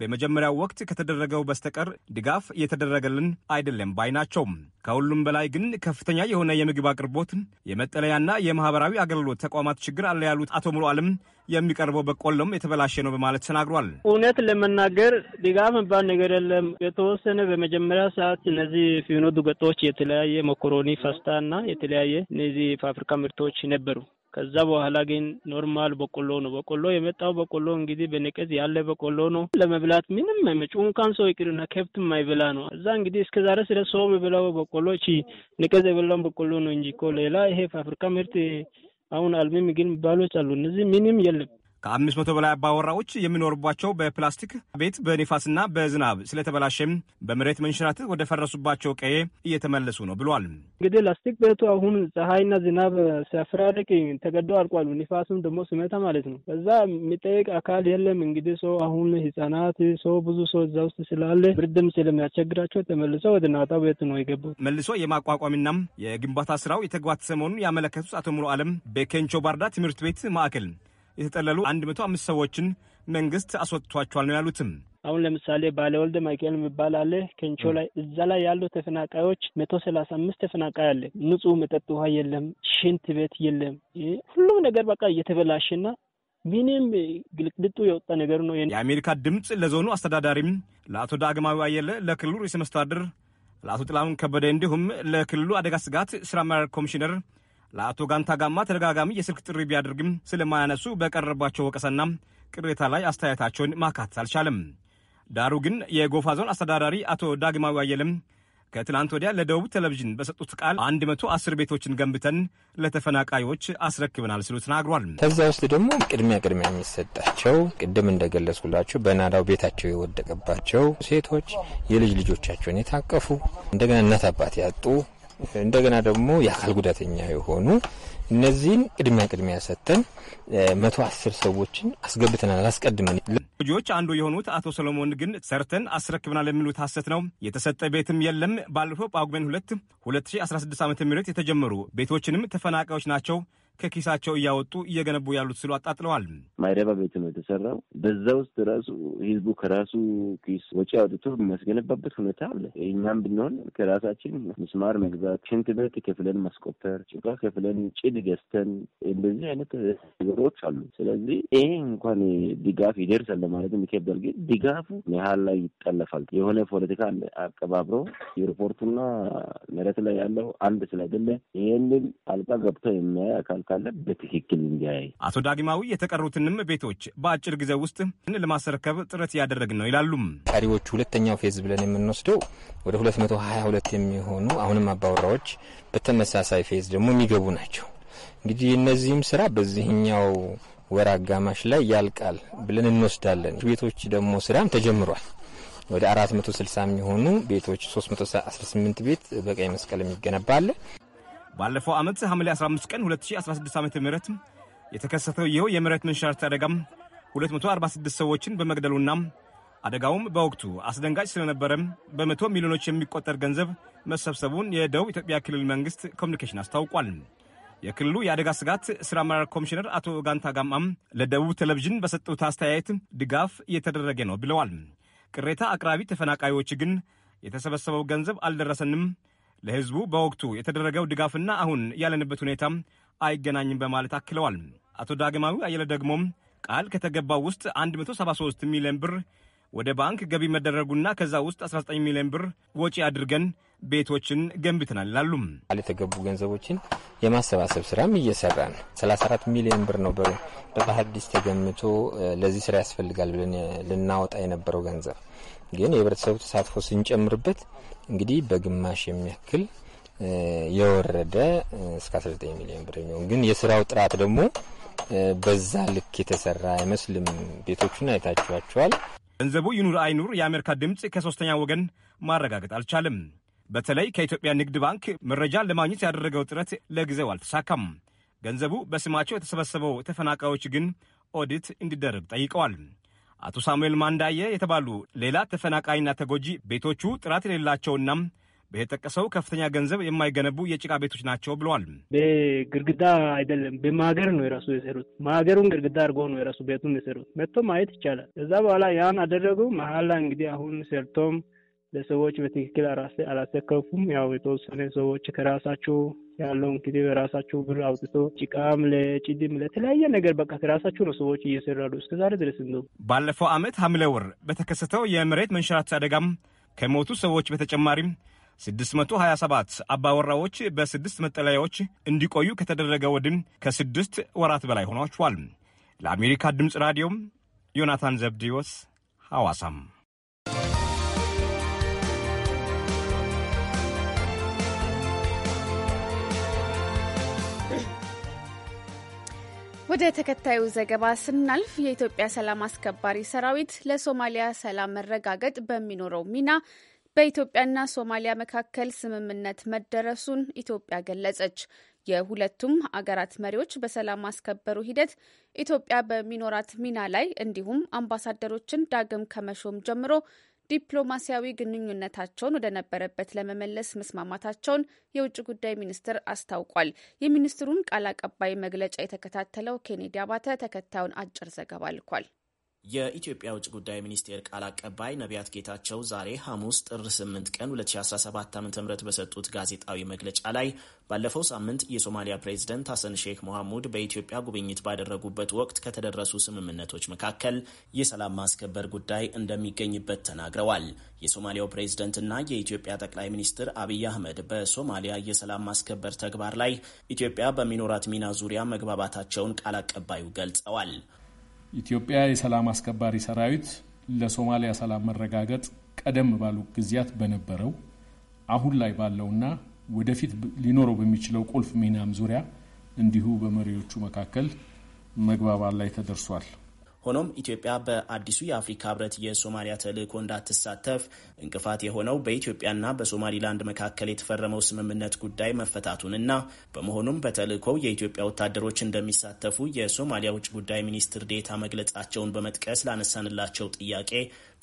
Speaker 8: በመጀመሪያው ወቅት ከተደረገው በስተቀር ድጋፍ እየተደረገልን አይደለም ባይ ናቸው። ከሁሉም በላይ ግን ከፍተኛ የሆነ የምግብ አቅርቦት፣ የመጠለያና የማህበራዊ አገልግሎት ተቋማት ችግር አለ ያሉት አቶ ሙሉ አለም የሚቀርበው በቆሎም የተበላሸ ነው በማለት ተናግሯል።
Speaker 10: እውነት ለመናገር ድጋፍ የሚባል ነገር የለም። የተወሰነ በመጀመሪያ ሰዓት እነዚህ ፊኖ ዱቄቶች፣ የተለያየ መኮሮኒ፣ ፋስታ እና የተለያየ እነዚህ ፋብሪካ ምርቶች ነበሩ። ከዛ በኋላ ግን ኖርማል በቆሎ ነው። በቆሎ የመጣው በቆሎ እንግዲህ በነቀዝ ያለ በቆሎ ነው። ለመብላት ምንም አይመጭ እንኳን ሰው ይቅርና ከብት የማይበላ ነው። እዛ እንግዲህ እስከዛሬ ስለ ሰው የበላው በቆሎ ቺ ነቀዝ የበላውን በቆሎ ነው እንጂ እኮ ሌላ ይሄ ፋብሪካ ምርት አሁን አልሚ ምግብ የሚባሎች
Speaker 8: አሉ። እነዚህ ምንም የለም። ከአምስት መቶ በላይ አባወራዎች የሚኖሩባቸው በፕላስቲክ ቤት በንፋስና በዝናብ ስለተበላሸም በመሬት መንሸራተት ወደ ፈረሱባቸው ቀዬ እየተመለሱ ነው ብሏል።
Speaker 10: እንግዲህ ላስቲክ ቤቱ አሁን ፀሐይና ዝናብ ሲያፈራርቅ ተገዶ አልቋሉ። ንፋሱም ደግሞ ስሜታ ማለት ነው። በዛ የሚጠይቅ አካል የለም። እንግዲህ ሰው አሁን ህጻናት፣ ሰው ብዙ ሰው እዛ ውስጥ ስላለ ብርድም ስለሚያስቸግራቸው ተመልሶ ወደ ናጣ ቤት ነው የገቡት።
Speaker 8: መልሶ የማቋቋሚና የግንባታ ስራው የተጓተተ መሆኑን ያመለከቱት አቶ ሙሉ አለም በኬንቾ ባርዳ ትምህርት ቤት ማዕከል የተጠለሉ 105 ሰዎችን መንግስት አስወጥቷቸዋል ነው ያሉትም። አሁን
Speaker 10: ለምሳሌ ባለወልድ ማይኬል የሚባል አለ ከንቾ ላይ እዛ ላይ ያሉ ተፈናቃዮች መቶ ሰላሳ አምስት ተፈናቃይ አለ። ንጹህ መጠጥ ውሃ የለም፣ ሽንት ቤት የለም። ሁሉም ነገር በቃ እየተበላሸና
Speaker 8: ምንም ግልቅልጡ የወጣ ነገር ነው። የአሜሪካ ድምፅ ለዞኑ አስተዳዳሪም ለአቶ ዳግማዊ አየለ፣ ለክልሉ ርዕሰ መስተዳድር ለአቶ ጥላሁን ከበደ እንዲሁም ለክልሉ አደጋ ስጋት ስራ አመራር ኮሚሽነር ለአቶ ጋንታ ጋማ ተደጋጋሚ የስልክ ጥሪ ቢያደርግም ስለማያነሱ በቀረባቸው ወቀሰና ቅሬታ ላይ አስተያየታቸውን ማካተት አልቻለም። ዳሩ ግን የጎፋ ዞን አስተዳዳሪ አቶ ዳግማዊ አየለም ከትላንት ወዲያ ለደቡብ ቴሌቪዥን በሰጡት ቃል 110 ቤቶችን ገንብተን ለተፈናቃዮች አስረክበናል ሲሉ ተናግሯል። ከዛ
Speaker 11: ውስጥ ደግሞ ቅድሚያ ቅድሚያ የሚሰጣቸው ቅድም እንደገለጽኩላቸው በናዳው ቤታቸው የወደቀባቸው ሴቶች፣ የልጅ ልጆቻቸውን የታቀፉ፣ እንደገና እናት አባት ያጡ እንደገና ደግሞ የአካል ጉዳተኛ የሆኑ እነዚህን ቅድሚያ ቅድሚያ ሰጥተን መቶ አስር ሰዎችን አስገብተናል። አስቀድመን
Speaker 8: ልጆች አንዱ የሆኑት አቶ ሰሎሞን ግን ሰርተን አስረክብናል የሚሉት ሀሰት ነው፣ የተሰጠ ቤትም የለም። ባለፈው ጳጉሜን ሁለት 2016 ዓ ም የተጀመሩ ቤቶችንም ተፈናቃዮች ናቸው ከኪሳቸው እያወጡ እየገነቡ ያሉት ሲሉ አጣጥለዋል።
Speaker 9: ማይረባ ቤት ነው የተሰራው። በዛ ውስጥ ራሱ ህዝቡ ከራሱ ኪስ ወጪ አውጥቶ የሚያስገነባበት ሁኔታ አለ። እኛም ብንሆን ከራሳችን ምስማር መግዛት፣ ሽንት ቤት ከፍለን ማስቆፈር፣ ጭቃ ከፍለን ጭድ ገዝተን እንደዚህ አይነት ነገሮች አሉ። ስለዚህ ይሄ እንኳን ድጋፍ ይደርሳል ለማለት የሚከበል ግን ድጋፉ መሀል ላይ ይጠለፋል። የሆነ ፖለቲካ አቀባብሮ የሪፖርቱና መሬት ላይ ያለው አንድ ስላይደለ ይህንን አልቃ ገብቶ የሚያይ አካል ሀሳብ ካለ በትክክል እንዲያይ።
Speaker 8: አቶ ዳግማዊ የተቀሩትንም ቤቶች በአጭር ጊዜ ውስጥ ለማስረከብ ጥረት እያደረግን ነው ይላሉም።
Speaker 11: ቀሪዎቹ ሁለተኛው ፌዝ ብለን የምንወስደው ወደ ሁለት መቶ ሀያ ሁለት የሚሆኑ አሁንም አባወራዎች በተመሳሳይ ፌዝ ደግሞ የሚገቡ ናቸው። እንግዲህ እነዚህም ስራ በዚህኛው ወር አጋማሽ ላይ ያልቃል ብለን እንወስዳለን። ቤቶች ደግሞ ስራም ተጀምሯል። ወደ 460 የሚሆኑ ቤቶች 318 ቤት በቀይ መስቀል የሚገነባ አለ።
Speaker 8: ባለፈው ዓመት ሐምሌ 15 ቀን 2016 ዓ ም የተከሰተው ይኸው የመሬት መንሸራተት አደጋም 246 ሰዎችን በመግደሉና አደጋውም በወቅቱ አስደንጋጭ ስለነበረ በመቶ ሚሊዮኖች የሚቆጠር ገንዘብ መሰብሰቡን የደቡብ ኢትዮጵያ ክልል መንግሥት ኮሚኒኬሽን አስታውቋል። የክልሉ የአደጋ ስጋት ሥራ አመራር ኮሚሽነር አቶ ጋንታ ጋማም ለደቡብ ቴሌቪዥን በሰጡት አስተያየት ድጋፍ እየተደረገ ነው ብለዋል። ቅሬታ አቅራቢ ተፈናቃዮች ግን የተሰበሰበው ገንዘብ አልደረሰንም ለህዝቡ በወቅቱ የተደረገው ድጋፍና አሁን ያለንበት ሁኔታ አይገናኝም በማለት አክለዋል። አቶ ዳግማዊ አየለ ደግሞም ቃል ከተገባው ውስጥ 173 ሚሊዮን ብር ወደ ባንክ ገቢ መደረጉና ከዛ ውስጥ 19 ሚሊዮን ብር ወጪ አድርገን ቤቶችን ገንብተናል ይላሉ።
Speaker 11: ቃል የተገቡ ገንዘቦችን የማሰባሰብ ስራም እየሰራ ነው። 34 ሚሊዮን ብር ነው በባህር ዲስ ተገምቶ ለዚህ ስራ ያስፈልጋል ብለን ልናወጣ የነበረው ገንዘብ ግን የህብረተሰቡ ተሳትፎ ስንጨምርበት እንግዲህ በግማሽ የሚያክል የወረደ እስከ 19 ሚሊዮን ብር የሚሆን ግን የስራው ጥራት ደግሞ በዛ ልክ የተሰራ አይመስልም። ቤቶቹን አይታችኋቸዋል።
Speaker 8: ገንዘቡ ይኑር አይኑር የአሜሪካ ድምፅ ከሶስተኛ ወገን ማረጋገጥ አልቻለም። በተለይ ከኢትዮጵያ ንግድ ባንክ መረጃ ለማግኘት ያደረገው ጥረት ለጊዜው አልተሳካም። ገንዘቡ በስማቸው የተሰበሰበው ተፈናቃዮች ግን ኦዲት እንዲደረግ ጠይቀዋል። አቶ ሳሙኤል ማንዳዬ የተባሉ ሌላ ተፈናቃይና ተጎጂ ቤቶቹ ጥራት የሌላቸውና በተጠቀሰው ከፍተኛ ገንዘብ የማይገነቡ የጭቃ ቤቶች ናቸው ብለዋል።
Speaker 10: በግርግዳ አይደለም በማገር ነው የራሱ የሰሩት። ማገሩን ግርግዳ አድርጎ ነው የራሱ ቤቱን የሰሩት። መጥቶ ማየት ይቻላል። ከዛ በኋላ ያን አደረጉ። መሀል ላይ እንግዲህ አሁን ሰርቶም ለሰዎች በትክክል አላሰከፉም። ያው የተወሰነ ሰዎች ከራሳቸው ያለውን ጊዜ በራሳቸው ብር አውጥቶ ጭቃም ለጭድም ለተለያየ ነገር በቃ ከራሳቸው ነው ሰዎች እየሰራሉ እስከዛሬ ድረስ እንደው
Speaker 8: ባለፈው ዓመት ሐምሌ ወር በተከሰተው የመሬት መንሸራተት አደጋም ከሞቱ ሰዎች በተጨማሪም 627 አባወራዎች በስድስት መጠለያዎች እንዲቆዩ ከተደረገ ወዲህ ከስድስት ወራት በላይ ሆኗቸዋል። ለአሜሪካ ድምፅ ራዲዮም ዮናታን ዘብዲዮስ ሐዋሳም
Speaker 1: ወደ ተከታዩ ዘገባ ስናልፍ የኢትዮጵያ ሰላም አስከባሪ ሰራዊት ለሶማሊያ ሰላም መረጋገጥ በሚኖረው ሚና በኢትዮጵያና ሶማሊያ መካከል ስምምነት መደረሱን ኢትዮጵያ ገለጸች። የሁለቱም አገራት መሪዎች በሰላም ማስከበሩ ሂደት ኢትዮጵያ በሚኖራት ሚና ላይ እንዲሁም አምባሳደሮችን ዳግም ከመሾም ጀምሮ ዲፕሎማሲያዊ ግንኙነታቸውን ወደነበረበት ለመመለስ መስማማታቸውን የውጭ ጉዳይ ሚኒስትር አስታውቋል። የሚኒስትሩን ቃል አቀባይ መግለጫ የተከታተለው ኬኔዲ አባተ ተከታዩን አጭር ዘገባ ልኳል።
Speaker 4: የኢትዮጵያ ውጭ ጉዳይ ሚኒስቴር ቃል አቀባይ ነቢያት ጌታቸው ዛሬ ሐሙስ ጥር 8 ቀን 2017 ዓ ም በሰጡት ጋዜጣዊ መግለጫ ላይ ባለፈው ሳምንት የሶማሊያ ፕሬዚደንት ሐሰን ሼክ መሐሙድ በኢትዮጵያ ጉብኝት ባደረጉበት ወቅት ከተደረሱ ስምምነቶች መካከል የሰላም ማስከበር ጉዳይ እንደሚገኝበት ተናግረዋል። የሶማሊያው ፕሬዝደንትና የኢትዮጵያ ጠቅላይ ሚኒስትር አብይ አህመድ በሶማሊያ የሰላም ማስከበር ተግባር ላይ ኢትዮጵያ በሚኖራት ሚና ዙሪያ መግባባታቸውን ቃል አቀባዩ ገልጸዋል።
Speaker 7: ኢትዮጵያ የሰላም አስከባሪ ሰራዊት ለሶማሊያ ሰላም መረጋገጥ ቀደም ባሉ ጊዜያት በነበረው አሁን ላይ ባለውና ወደፊት ሊኖረው በሚችለው ቁልፍ ሚናም ዙሪያ እንዲሁ በመሪዎቹ መካከል መግባባት ላይ ተደርሷል።
Speaker 4: ሆኖም ኢትዮጵያ በአዲሱ የአፍሪካ ህብረት የሶማሊያ ተልእኮ እንዳትሳተፍ እንቅፋት የሆነው በኢትዮጵያና በሶማሊላንድ መካከል የተፈረመው ስምምነት ጉዳይ መፈታቱንና በመሆኑም በተልእኮው የኢትዮጵያ ወታደሮች እንደሚሳተፉ የሶማሊያ ውጭ ጉዳይ ሚኒስትር ዴታ መግለጻቸውን በመጥቀስ ላነሳንላቸው ጥያቄ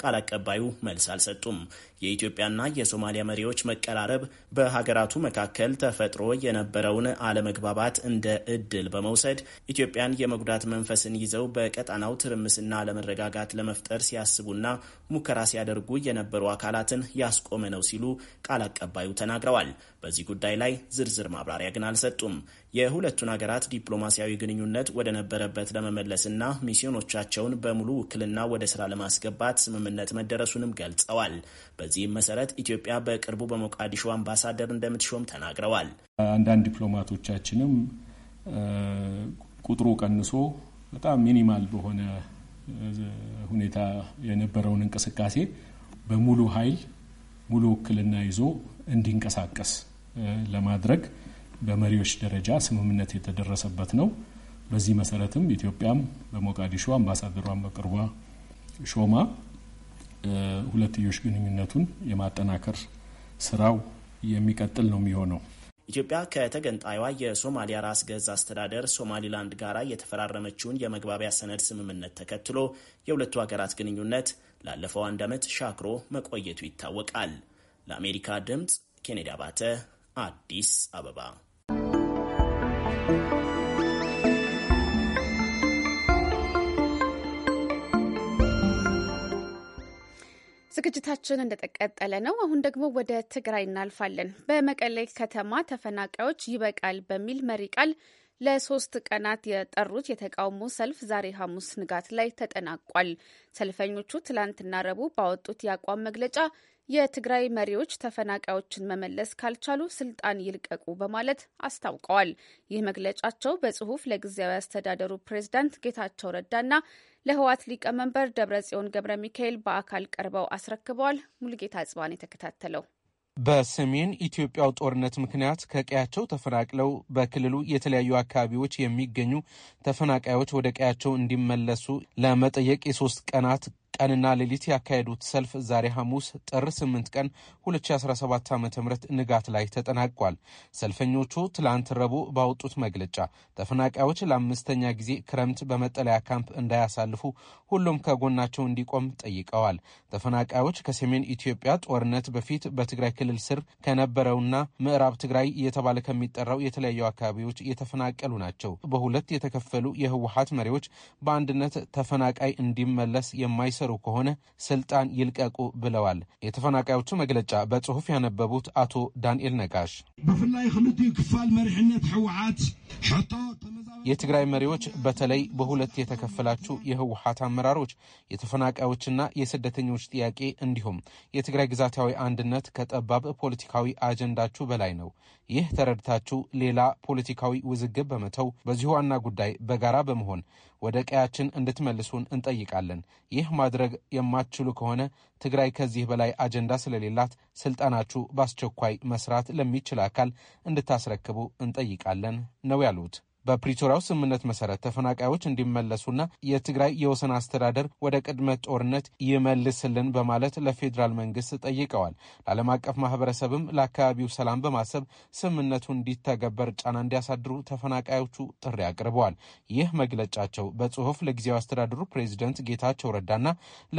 Speaker 4: ቃል አቀባዩ መልስ አልሰጡም። የኢትዮጵያና የሶማሊያ መሪዎች መቀራረብ በሀገራቱ መካከል ተፈጥሮ የነበረውን አለመግባባት እንደ እድል በመውሰድ ኢትዮጵያን የመጉዳት መንፈስን ይዘው በቀጣናው ትርምስና አለመረጋጋት ለመፍጠር ሲያስቡና ሙከራ ሲያደርጉ የነበሩ አካላትን ያስቆመ ነው ሲሉ ቃል አቀባዩ ተናግረዋል። በዚህ ጉዳይ ላይ ዝርዝር ማብራሪያ ግን አልሰጡም። የሁለቱን ሀገራት ዲፕሎማሲያዊ ግንኙነት ወደ ነበረበት ለመመለስና ሚስዮኖቻቸውን በሙሉ ውክልና ወደ ስራ ለማስገባት ስምምነት መደረሱንም ገልጸዋል። በዚህም መሰረት ኢትዮጵያ በቅርቡ በሞቃዲሾ አምባሳደር እንደምትሾም ተናግረዋል።
Speaker 7: አንዳንድ ዲፕሎማቶቻችንም ቁጥሩ ቀንሶ በጣም ሚኒማል በሆነ ሁኔታ የነበረውን እንቅስቃሴ በሙሉ ኃይል ሙሉ ውክልና ይዞ እንዲንቀሳቀስ ለማድረግ በመሪዎች ደረጃ ስምምነት የተደረሰበት ነው። በዚህ መሰረትም ኢትዮጵያም በሞቃዲሾ አምባሳደሯን በቅርቧ ሾማ ሁለትዮሽ ግንኙነቱን የማጠናከር ስራው የሚቀጥል ነው የሚሆነው።
Speaker 4: ኢትዮጵያ ከተገንጣይዋ የሶማሊያ ራስ ገዝ አስተዳደር ሶማሊላንድ ጋራ የተፈራረመችውን የመግባቢያ ሰነድ ስምምነት ተከትሎ የሁለቱ ሀገራት ግንኙነት ላለፈው አንድ ዓመት ሻክሮ መቆየቱ ይታወቃል። ለአሜሪካ ድምፅ ኬኔዲ አባተ አዲስ አበባ
Speaker 1: ዝግጅታችን እንደተቀጠለ ነው። አሁን ደግሞ ወደ ትግራይ እናልፋለን። በመቀሌ ከተማ ተፈናቃዮች ይበቃል በሚል መሪ ቃል ለሶስት ቀናት የጠሩት የተቃውሞ ሰልፍ ዛሬ ሐሙስ ንጋት ላይ ተጠናቋል። ሰልፈኞቹ ትላንትና ረቡዕ ባወጡት የአቋም መግለጫ የትግራይ መሪዎች ተፈናቃዮችን መመለስ ካልቻሉ ስልጣን ይልቀቁ በማለት አስታውቀዋል። ይህ መግለጫቸው በጽሁፍ ለጊዜያዊ አስተዳደሩ ፕሬዝዳንት ጌታቸው ረዳና ለህወሓት ሊቀመንበር ደብረጽዮን ገብረ ሚካኤል በአካል ቀርበው አስረክበዋል። ሙልጌታ ጽባን የተከታተለው
Speaker 3: በሰሜን ኢትዮጵያው ጦርነት ምክንያት ከቀያቸው ተፈናቅለው በክልሉ የተለያዩ አካባቢዎች የሚገኙ ተፈናቃዮች ወደ ቀያቸው እንዲመለሱ ለመጠየቅ የሶስት ቀናት ቀንና ሌሊት ያካሄዱት ሰልፍ ዛሬ ሐሙስ ጥር 8 ቀን 2017 ዓ ም ንጋት ላይ ተጠናቋል። ሰልፈኞቹ ትላንት ረቡዕ ባወጡት መግለጫ ተፈናቃዮች ለአምስተኛ ጊዜ ክረምት በመጠለያ ካምፕ እንዳያሳልፉ ሁሉም ከጎናቸው እንዲቆም ጠይቀዋል። ተፈናቃዮች ከሰሜን ኢትዮጵያ ጦርነት በፊት በትግራይ ክልል ስር ከነበረውና ምዕራብ ትግራይ እየተባለ ከሚጠራው የተለያዩ አካባቢዎች የተፈናቀሉ ናቸው። በሁለት የተከፈሉ የህወሀት መሪዎች በአንድነት ተፈናቃይ እንዲመለስ የማይ የማይሰሩ ከሆነ ስልጣን ይልቀቁ ብለዋል። የተፈናቃዮቹ መግለጫ በጽሑፍ ያነበቡት አቶ ዳንኤል ነጋሽ የትግራይ መሪዎች በተለይ በሁለት የተከፈላችሁ የህወሓት አመራሮች የተፈናቃዮችና የስደተኞች ጥያቄ እንዲሁም የትግራይ ግዛታዊ አንድነት ከጠባብ ፖለቲካዊ አጀንዳችሁ በላይ ነው። ይህ ተረድታችሁ ሌላ ፖለቲካዊ ውዝግብ በመተው በዚሁ ዋና ጉዳይ በጋራ በመሆን ወደ ቀያችን እንድትመልሱን እንጠይቃለን። ይህ ማድረግ የማትችሉ ከሆነ ትግራይ ከዚህ በላይ አጀንዳ ስለሌላት ስልጣናችሁ በአስቸኳይ መስራት ለሚችል አካል እንድታስረክቡ እንጠይቃለን ነው ያሉት። በፕሪቶሪያው ስምምነት መሰረት ተፈናቃዮች እንዲመለሱና የትግራይ የወሰን አስተዳደር ወደ ቅድመ ጦርነት ይመልስልን በማለት ለፌዴራል መንግስት ጠይቀዋል። ለዓለም አቀፍ ማህበረሰብም ለአካባቢው ሰላም በማሰብ ስምምነቱ እንዲተገበር ጫና እንዲያሳድሩ ተፈናቃዮቹ ጥሪ አቅርበዋል። ይህ መግለጫቸው በጽሁፍ ለጊዜያዊ አስተዳደሩ ፕሬዚደንት ጌታቸው ረዳና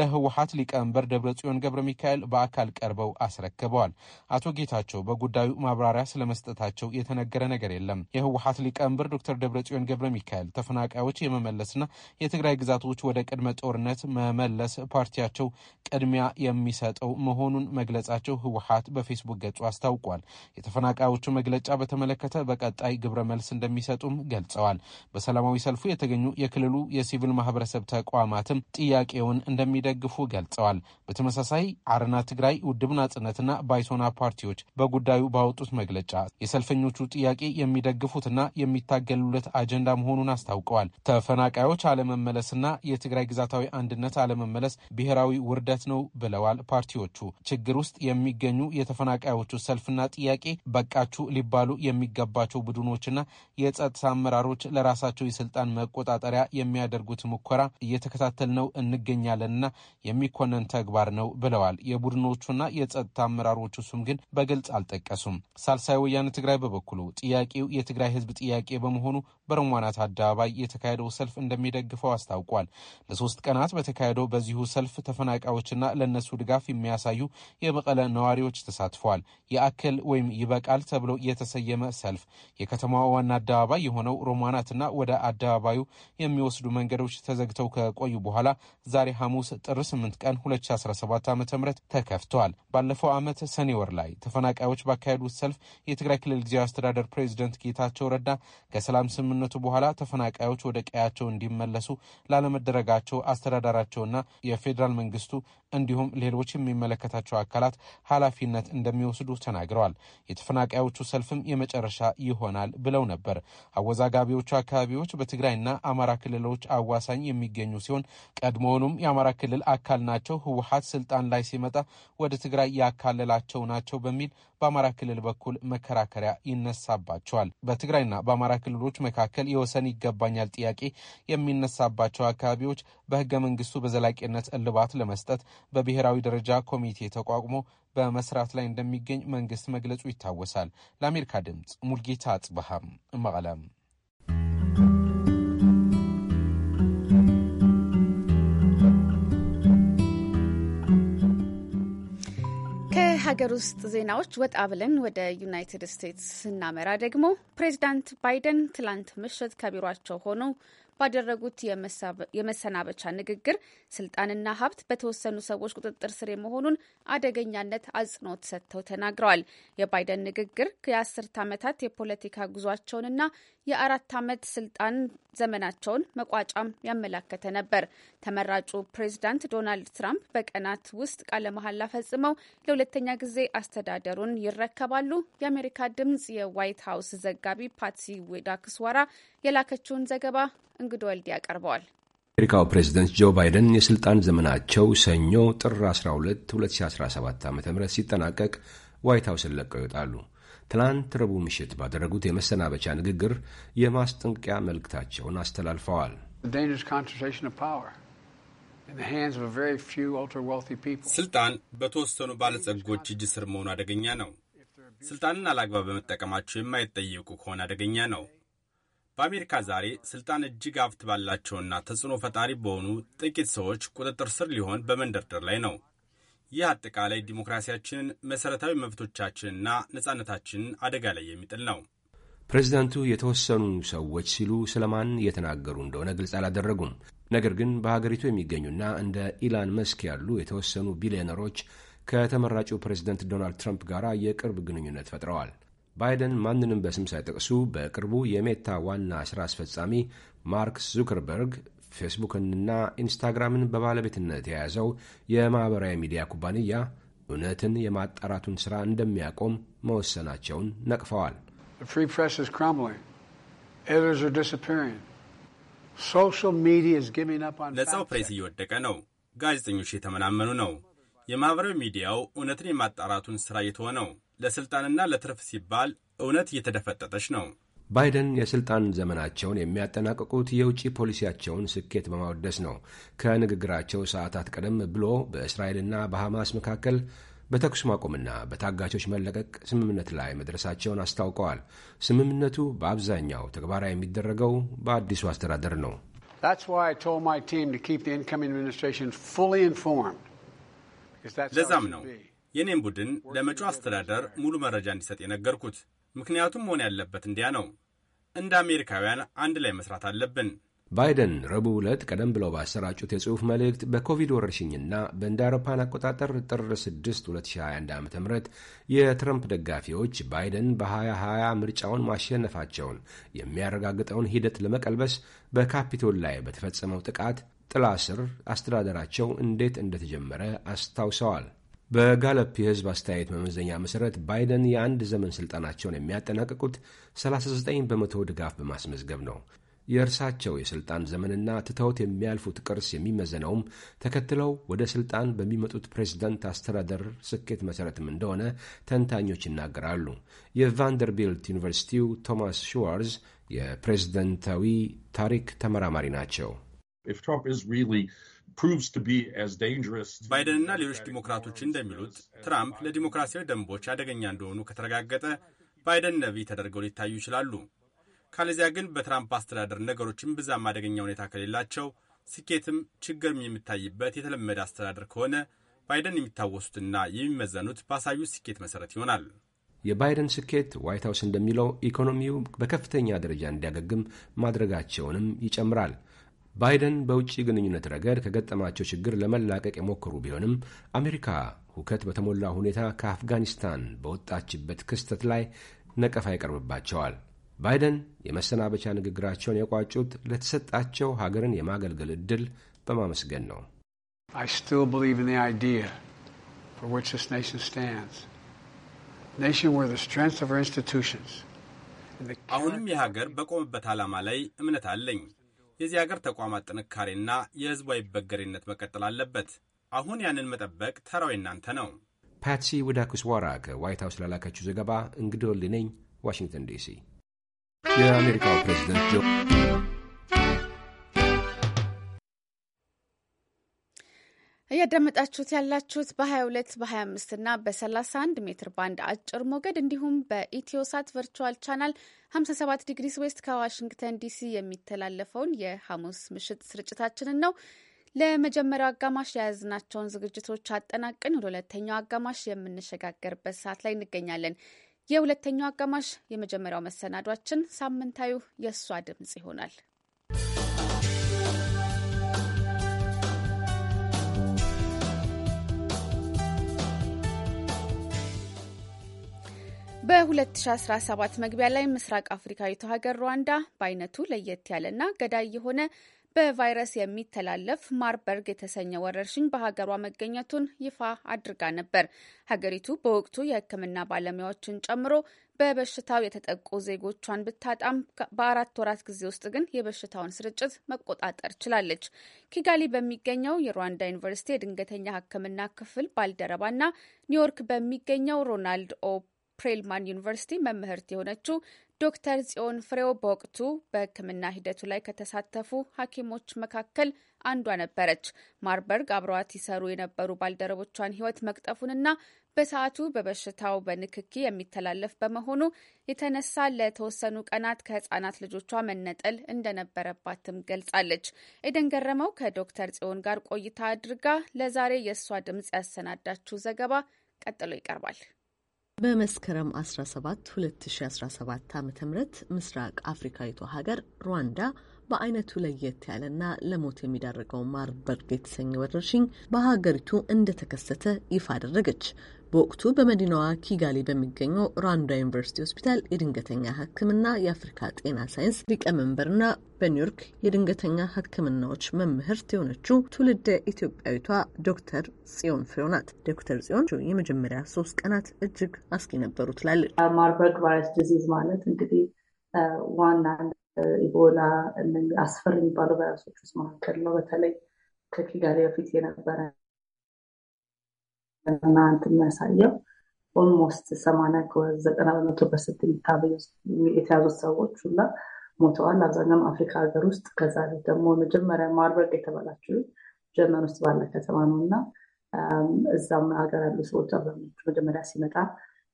Speaker 3: ለህወሀት ሊቀመንበር ደብረጽዮን ገብረ ሚካኤል በአካል ቀርበው አስረክበዋል። አቶ ጌታቸው በጉዳዩ ማብራሪያ ስለመስጠታቸው የተነገረ ነገር የለም። የህወሀት ሊቀመንበር ዶክተር ዶክተር ደብረጽዮን ገብረ ሚካኤል ተፈናቃዮች የመመለስና የትግራይ ግዛቶች ወደ ቅድመ ጦርነት መመለስ ፓርቲያቸው ቅድሚያ የሚሰጠው መሆኑን መግለጻቸው ህወሀት በፌስቡክ ገጹ አስታውቋል። የተፈናቃዮቹ መግለጫ በተመለከተ በቀጣይ ግብረ መልስ እንደሚሰጡም ገልጸዋል። በሰላማዊ ሰልፉ የተገኙ የክልሉ የሲቪል ማህበረሰብ ተቋማትም ጥያቄውን እንደሚደግፉ ገልጸዋል። በተመሳሳይ አረና ትግራይ፣ ውድብ ናጽነትና ባይሶና ፓርቲዎች በጉዳዩ ባወጡት መግለጫ የሰልፈኞቹ ጥያቄ የሚደግፉትና የሚታገል የተጠቃለሉለት አጀንዳ መሆኑን አስታውቀዋል። ተፈናቃዮች አለመመለስና የትግራይ ግዛታዊ አንድነት አለመመለስ ብሔራዊ ውርደት ነው ብለዋል። ፓርቲዎቹ ችግር ውስጥ የሚገኙ የተፈናቃዮቹ ሰልፍና ጥያቄ በቃችሁ ሊባሉ የሚገባቸው ቡድኖችና የጸጥታ አመራሮች ለራሳቸው የስልጣን መቆጣጠሪያ የሚያደርጉት ሙከራ እየተከታተል ነው እንገኛለንና የሚኮነን ተግባር ነው ብለዋል። የቡድኖቹና የጸጥታ አመራሮቹ ስም ግን በግልጽ አልጠቀሱም። ሳልሳይ ወያነ ትግራይ በበኩሉ ጥያቄው የትግራይ ህዝብ ጥያቄ በመሆኑ ሰሞኑ በረሟናት አደባባይ የተካሄደው ሰልፍ እንደሚደግፈው አስታውቋል። ለሶስት ቀናት በተካሄደው በዚሁ ሰልፍ ተፈናቃዮችና ለእነሱ ድጋፍ የሚያሳዩ የመቀለ ነዋሪዎች ተሳትፈዋል። የአክል ወይም ይበቃል ተብሎ የተሰየመ ሰልፍ የከተማዋ ዋና አደባባይ የሆነው ሮማናትና ወደ አደባባዩ የሚወስዱ መንገዶች ተዘግተው ከቆዩ በኋላ ዛሬ ሐሙስ ጥር 8 ቀን 2017 ዓ ም ተከፍተዋል። ባለፈው ዓመት ሰኔ ወር ላይ ተፈናቃዮች ባካሄዱት ሰልፍ የትግራይ ክልል ጊዜያዊ አስተዳደር ፕሬዚደንት ጌታቸው ረዳ ከ30 ከሰላም ስምምነቱ በኋላ ተፈናቃዮች ወደ ቀያቸው እንዲመለሱ ላለመደረጋቸው አስተዳዳራቸውና የፌዴራል መንግስቱ እንዲሁም ሌሎች የሚመለከታቸው አካላት ኃላፊነት እንደሚወስዱ ተናግረዋል። የተፈናቃዮቹ ሰልፍም የመጨረሻ ይሆናል ብለው ነበር። አወዛጋቢዎቹ አካባቢዎች በትግራይና አማራ ክልሎች አዋሳኝ የሚገኙ ሲሆን ቀድሞውኑም የአማራ ክልል አካል ናቸው፣ ህወሀት ስልጣን ላይ ሲመጣ ወደ ትግራይ ያካለላቸው ናቸው በሚል በአማራ ክልል በኩል መከራከሪያ ይነሳባቸዋል። በትግራይና በአማራ ክልሎች መካከል የወሰን ይገባኛል ጥያቄ የሚነሳባቸው አካባቢዎች በህገ መንግስቱ በዘላቂነት እልባት ለመስጠት በብሔራዊ ደረጃ ኮሚቴ ተቋቁሞ በመስራት ላይ እንደሚገኝ መንግስት መግለጹ ይታወሳል። ለአሜሪካ ድምፅ ሙልጌታ አጽበሃም መቀለም።
Speaker 1: የሀገር ውስጥ ዜናዎች ወጣ ብለን ወደ ዩናይትድ ስቴትስ ስናመራ ደግሞ ፕሬዚዳንት ባይደን ትላንት ምሽት ከቢሯቸው ሆነው ባደረጉት የመሰናበቻ ንግግር ስልጣንና ሀብት በተወሰኑ ሰዎች ቁጥጥር ስር የመሆኑን አደገኛነት አጽንኦት ሰጥተው ተናግረዋል። የባይደን ንግግር የአስርት ዓመታት የፖለቲካ ጉዟቸውንና የአራት ዓመት ስልጣን ዘመናቸውን መቋጫም ያመላከተ ነበር። ተመራጩ ፕሬዚዳንት ዶናልድ ትራምፕ በቀናት ውስጥ ቃለ መሐላ ፈጽመው ለሁለተኛ ጊዜ አስተዳደሩን ይረከባሉ። የአሜሪካ ድምጽ የዋይት ሀውስ ዘጋቢ ፓትሲ ዌዳክስዋራ የላከችውን ዘገባ እንግዶ ወልድ ያቀርበዋል።
Speaker 12: የአሜሪካው ፕሬዚደንት ጆ ባይደን የሥልጣን ዘመናቸው ሰኞ ጥር 12 2017 ዓ ም ሲጠናቀቅ ዋይት ሀውስን ለቀው ይወጣሉ። ትናንት ረቡዕ ምሽት ባደረጉት የመሰናበቻ ንግግር የማስጠንቀቂያ መልእክታቸውን አስተላልፈዋል።
Speaker 7: ስልጣን
Speaker 13: በተወሰኑ ባለጸጎች እጅ ስር መሆኑ አደገኛ ነው። ስልጣንን አላግባብ በመጠቀማቸው የማይጠየቁ ከሆነ አደገኛ ነው። በአሜሪካ ዛሬ ስልጣን እጅግ ሀብት ባላቸውና ተጽዕኖ ፈጣሪ በሆኑ ጥቂት ሰዎች ቁጥጥር ስር ሊሆን በመንደርደር ላይ ነው። ይህ አጠቃላይ ዲሞክራሲያችንን፣ መሠረታዊ መብቶቻችንና ነጻነታችንን አደጋ ላይ የሚጥል ነው።
Speaker 12: ፕሬዚዳንቱ የተወሰኑ ሰዎች ሲሉ ስለማን እየተናገሩ እንደሆነ ግልጽ አላደረጉም። ነገር ግን በሀገሪቱ የሚገኙና እንደ ኢላን መስክ ያሉ የተወሰኑ ቢሊዮነሮች ከተመራጩ ፕሬዚደንት ዶናልድ ትራምፕ ጋር የቅርብ ግንኙነት ፈጥረዋል። ባይደን ማንንም በስም ሳይጠቅሱ በቅርቡ የሜታ ዋና ሥራ አስፈጻሚ ማርክ ዙከርበርግ ፌስቡክንና ኢንስታግራምን በባለቤትነት የያዘው የማኅበራዊ ሚዲያ ኩባንያ እውነትን የማጣራቱን ሥራ እንደሚያቆም መወሰናቸውን ነቅፈዋል።
Speaker 13: ነፃው ፕሬስ እየወደቀ ነው። ጋዜጠኞች የተመናመኑ ነው። የማኅበራዊ ሚዲያው እውነትን የማጣራቱን ሥራ እየተወ ነው። ለሥልጣንና ለትርፍ ሲባል እውነት እየተደፈጠጠች ነው።
Speaker 12: ባይደን የሥልጣን ዘመናቸውን የሚያጠናቅቁት የውጭ ፖሊሲያቸውን ስኬት በማወደስ ነው። ከንግግራቸው ሰዓታት ቀደም ብሎ በእስራኤልና በሐማስ መካከል በተኩስ ማቆምና በታጋቾች መለቀቅ ስምምነት ላይ መድረሳቸውን አስታውቀዋል። ስምምነቱ በአብዛኛው ተግባራዊ የሚደረገው በአዲሱ አስተዳደር ነው።
Speaker 7: ለዛም
Speaker 13: ነው የኔም ቡድን ለመጪው አስተዳደር ሙሉ መረጃ እንዲሰጥ የነገርኩት። ምክንያቱም መሆን ያለበት እንዲያ ነው። እንደ አሜሪካውያን አንድ ላይ መስራት አለብን።
Speaker 12: ባይደን ረቡዕ ዕለት ቀደም ብለው ባሰራጩት የጽሑፍ መልእክት በኮቪድ ወረርሽኝና በእንደ አውሮፓን አቆጣጠር ጥር 6 2021 ዓ ም የትረምፕ ደጋፊዎች ባይደን በ2020 ምርጫውን ማሸነፋቸውን የሚያረጋግጠውን ሂደት ለመቀልበስ በካፒቶል ላይ በተፈጸመው ጥቃት ጥላ ስር አስተዳደራቸው እንዴት እንደተጀመረ አስታውሰዋል። በጋለፕ የህዝብ አስተያየት መመዘኛ መሠረት ባይደን የአንድ ዘመን ሥልጣናቸውን የሚያጠናቅቁት 39 በመቶ ድጋፍ በማስመዝገብ ነው። የእርሳቸው የሥልጣን ዘመንና ትተውት የሚያልፉት ቅርስ የሚመዘነውም ተከትለው ወደ ሥልጣን በሚመጡት ፕሬዚደንት አስተዳደር ስኬት መሠረትም እንደሆነ ተንታኞች ይናገራሉ። የቫንደርቢልት ዩኒቨርሲቲው ቶማስ ሽዋርዝ የፕሬዚደንታዊ ታሪክ ተመራማሪ ናቸው።
Speaker 13: ባይደንና ሌሎች ዲሞክራቶች እንደሚሉት ትራምፕ ለዲሞክራሲያዊ ደንቦች አደገኛ እንደሆኑ ከተረጋገጠ ባይደን ነቢይ ተደርገው ሊታዩ ይችላሉ። ካለዚያ ግን በትራምፕ አስተዳደር ነገሮችን ብዛም አደገኛ ሁኔታ ከሌላቸው፣ ስኬትም ችግርም የሚታይበት የተለመደ አስተዳደር ከሆነ ባይደን የሚታወሱትና የሚመዘኑት ባሳዩት ስኬት መሰረት ይሆናል።
Speaker 12: የባይደን ስኬት ዋይት ሀውስ እንደሚለው ኢኮኖሚው በከፍተኛ ደረጃ እንዲያገግም ማድረጋቸውንም ይጨምራል። ባይደን በውጭ ግንኙነት ረገድ ከገጠማቸው ችግር ለመላቀቅ የሞከሩ ቢሆንም አሜሪካ ሁከት በተሞላ ሁኔታ ከአፍጋኒስታን በወጣችበት ክስተት ላይ ነቀፋ ይቀርብባቸዋል። ባይደን የመሰናበቻ ንግግራቸውን የቋጩት ለተሰጣቸው ሀገርን የማገልገል ዕድል በማመስገን ነው።
Speaker 13: አሁንም የሀገር በቆመበት ዓላማ ላይ እምነት አለኝ። የዚህ አገር ተቋማት ጥንካሬና የህዝቧ በገሪነት መቀጠል አለበት። አሁን ያንን መጠበቅ ተራው የናንተ
Speaker 12: ነው። ፓትሲ ውዳኩስዋራ ከዋይት ሀውስ ላላከችው ዘገባ እንግዶልነኝ ዋሽንግተን ዲሲ የአሜሪካው ፕሬዚደንት ጆ
Speaker 1: እያዳመጣችሁት ያላችሁት በ22 በ25 እና በ31 ሜትር ባንድ አጭር ሞገድ እንዲሁም በኢትዮሳት ቨርቹዋል ቻናል 57 ዲግሪስ ዌስት ከዋሽንግተን ዲሲ የሚተላለፈውን የሐሙስ ምሽት ስርጭታችንን ነው። ለመጀመሪያው አጋማሽ የያዝናቸውን ዝግጅቶች አጠናቅን ወደ ሁለተኛው አጋማሽ የምንሸጋገርበት ሰዓት ላይ እንገኛለን። የሁለተኛው አጋማሽ የመጀመሪያው መሰናዷችን ሳምንታዊ የእሷ ድምጽ ይሆናል። በ2017 መግቢያ ላይ ምስራቅ አፍሪካዊቱ ሀገር ሩዋንዳ በአይነቱ ለየት ያለና ገዳይ የሆነ በቫይረስ የሚተላለፍ ማርበርግ የተሰኘ ወረርሽኝ በሀገሯ መገኘቱን ይፋ አድርጋ ነበር። ሀገሪቱ በወቅቱ የሕክምና ባለሙያዎችን ጨምሮ በበሽታው የተጠቁ ዜጎቿን ብታጣም በአራት ወራት ጊዜ ውስጥ ግን የበሽታውን ስርጭት መቆጣጠር ችላለች። ኪጋሊ በሚገኘው የሩዋንዳ ዩኒቨርሲቲ የድንገተኛ ሕክምና ክፍል ባልደረባና ኒውዮርክ በሚገኘው ሮናልድ ኦ ፕሬልማን ዩኒቨርሲቲ መምህርት የሆነችው ዶክተር ጽዮን ፍሬው በወቅቱ በሕክምና ሂደቱ ላይ ከተሳተፉ ሐኪሞች መካከል አንዷ ነበረች። ማርበርግ አብረዋት ይሰሩ የነበሩ ባልደረቦቿን ሕይወት መቅጠፉንና በሰዓቱ በበሽታው በንክኪ የሚተላለፍ በመሆኑ የተነሳ ለተወሰኑ ቀናት ከህጻናት ልጆቿ መነጠል እንደነበረባትም ገልጻለች። ኤደን ገረመው ከዶክተር ጽዮን ጋር ቆይታ አድርጋ ለዛሬ የእሷ ድምጽ ያሰናዳችው ዘገባ ቀጥሎ ይቀርባል።
Speaker 14: በመስከረም 17 2017 ዓ ም ምስራቅ አፍሪካዊቷ ሀገር ሩዋንዳ በአይነቱ ለየት ያለና ለሞት የሚዳረገው ማርበርግ የተሰኘ ወረርሽኝ በሀገሪቱ እንደተከሰተ ይፋ አደረገች። በወቅቱ በመዲናዋ ኪጋሊ በሚገኘው ራንዳ ዩኒቨርሲቲ ሆስፒታል የድንገተኛ ሕክምና የአፍሪካ ጤና ሳይንስ ሊቀመንበርና በኒውዮርክ የድንገተኛ ሕክምናዎች መምህርት የሆነችው ትውልደ ኢትዮጵያዊቷ ዶክተር ጽዮን ፍሬው ናት። ዶክተር ጽዮን የመጀመሪያ ሶስት ቀናት እጅግ አስጊ ነበሩ ትላለች። ማርበርግ ቫይረስ ዲዚዝ ማለት
Speaker 15: እንግዲህ ዋና ኢቦላ አስፈር የሚባሉ ቫይረሶች ውስጥ መካከል ነው። በተለይ ከኪጋሌ በፊት የነበረ እና የሚያሳየው ኦልሞስት ሰማንያ ከዘጠና በመቶ በስት የተያዙት ሰዎች ሁላ ሞተዋል። አብዛኛውም አፍሪካ ሀገር ውስጥ ከዛ ደግሞ መጀመሪያ ማርበርግ የተባላችው ጀርመን ውስጥ ባለ ከተማ ነው እና እዛም ሀገር ያሉ ሰዎች አብዛኞቹ መጀመሪያ ሲመጣ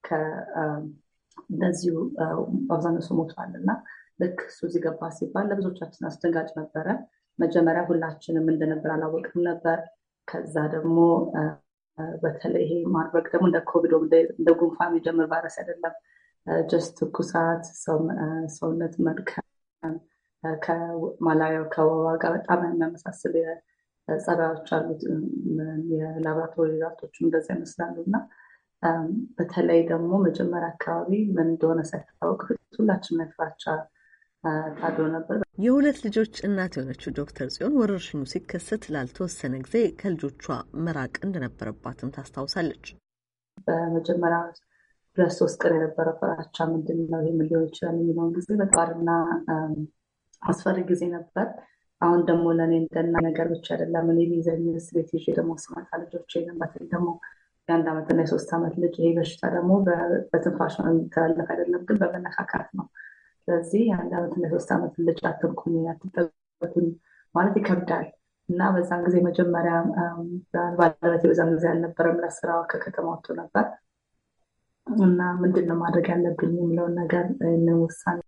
Speaker 15: ከእነዚሁ አብዛኛው ሰው ሞተዋል እና ልክ እሱ እዚህ ገባ ሲባል ለብዙዎቻችን አስደንጋጭ ነበረ። መጀመሪያ ሁላችንም እንደነበር አላወቅም ነበር። ከዛ ደግሞ በተለይ ይሄ ማርበርግ ደግሞ እንደ ኮቪድ እንደ ጉንፋን የሚጀምር ቫይረስ አይደለም። ጀስት ትኩሳት፣ ሰውነት መድከም ከማላሪያው ከወባ ጋር በጣም የሚያመሳስል ጸባዮች አሉት። የላብራቶሪ ሪዛልቶች እንደዚያ ይመስላሉ እና በተለይ ደግሞ መጀመሪያ አካባቢ ምን እንደሆነ ሳይታወቅ ሁላችን ፍራቻ ታዶ ነበር። የሁለት ልጆች እናት የሆነችው ዶክተር ጽዮን
Speaker 14: ወረርሽኙ ሲከሰት ላልተወሰነ ጊዜ ከልጆቿ መራቅ እንደነበረባትም ታስታውሳለች።
Speaker 15: በመጀመሪያ ሁለት ሶስት ቀን የነበረ ፍራቻ ምንድን ነው ይህ ምን ሊሆን ይችላል የሚለውን ጊዜ በጣርና አስፈሪ ጊዜ ነበር። አሁን ደግሞ ለእኔ እንደና ነገር ብቻ አይደለም እኔ ስ ቤት ይዤ ደግሞ ስመጣ ልጆች ነበት ደግሞ የአንድ ዓመትና የሶስት ዓመት ልጅ ይሄ በሽታ ደግሞ በትንፋሽ ነው የሚተላለፍ አይደለም ግን በመነካካት ነው ስለዚህ የአንድ ዓመት እና የሶስት ዓመት ልጅ አትንኩኝ አትጠቁኝ ማለት ይከብዳል እና በዛን ጊዜ መጀመሪያ ባለቤቴ በዛን ጊዜ አልነበረም ለስራ ከከተማ ወጥቶ ነበር እና ምንድን ነው ማድረግ ያለብኝ የሚለውን ነገር ውሳኔ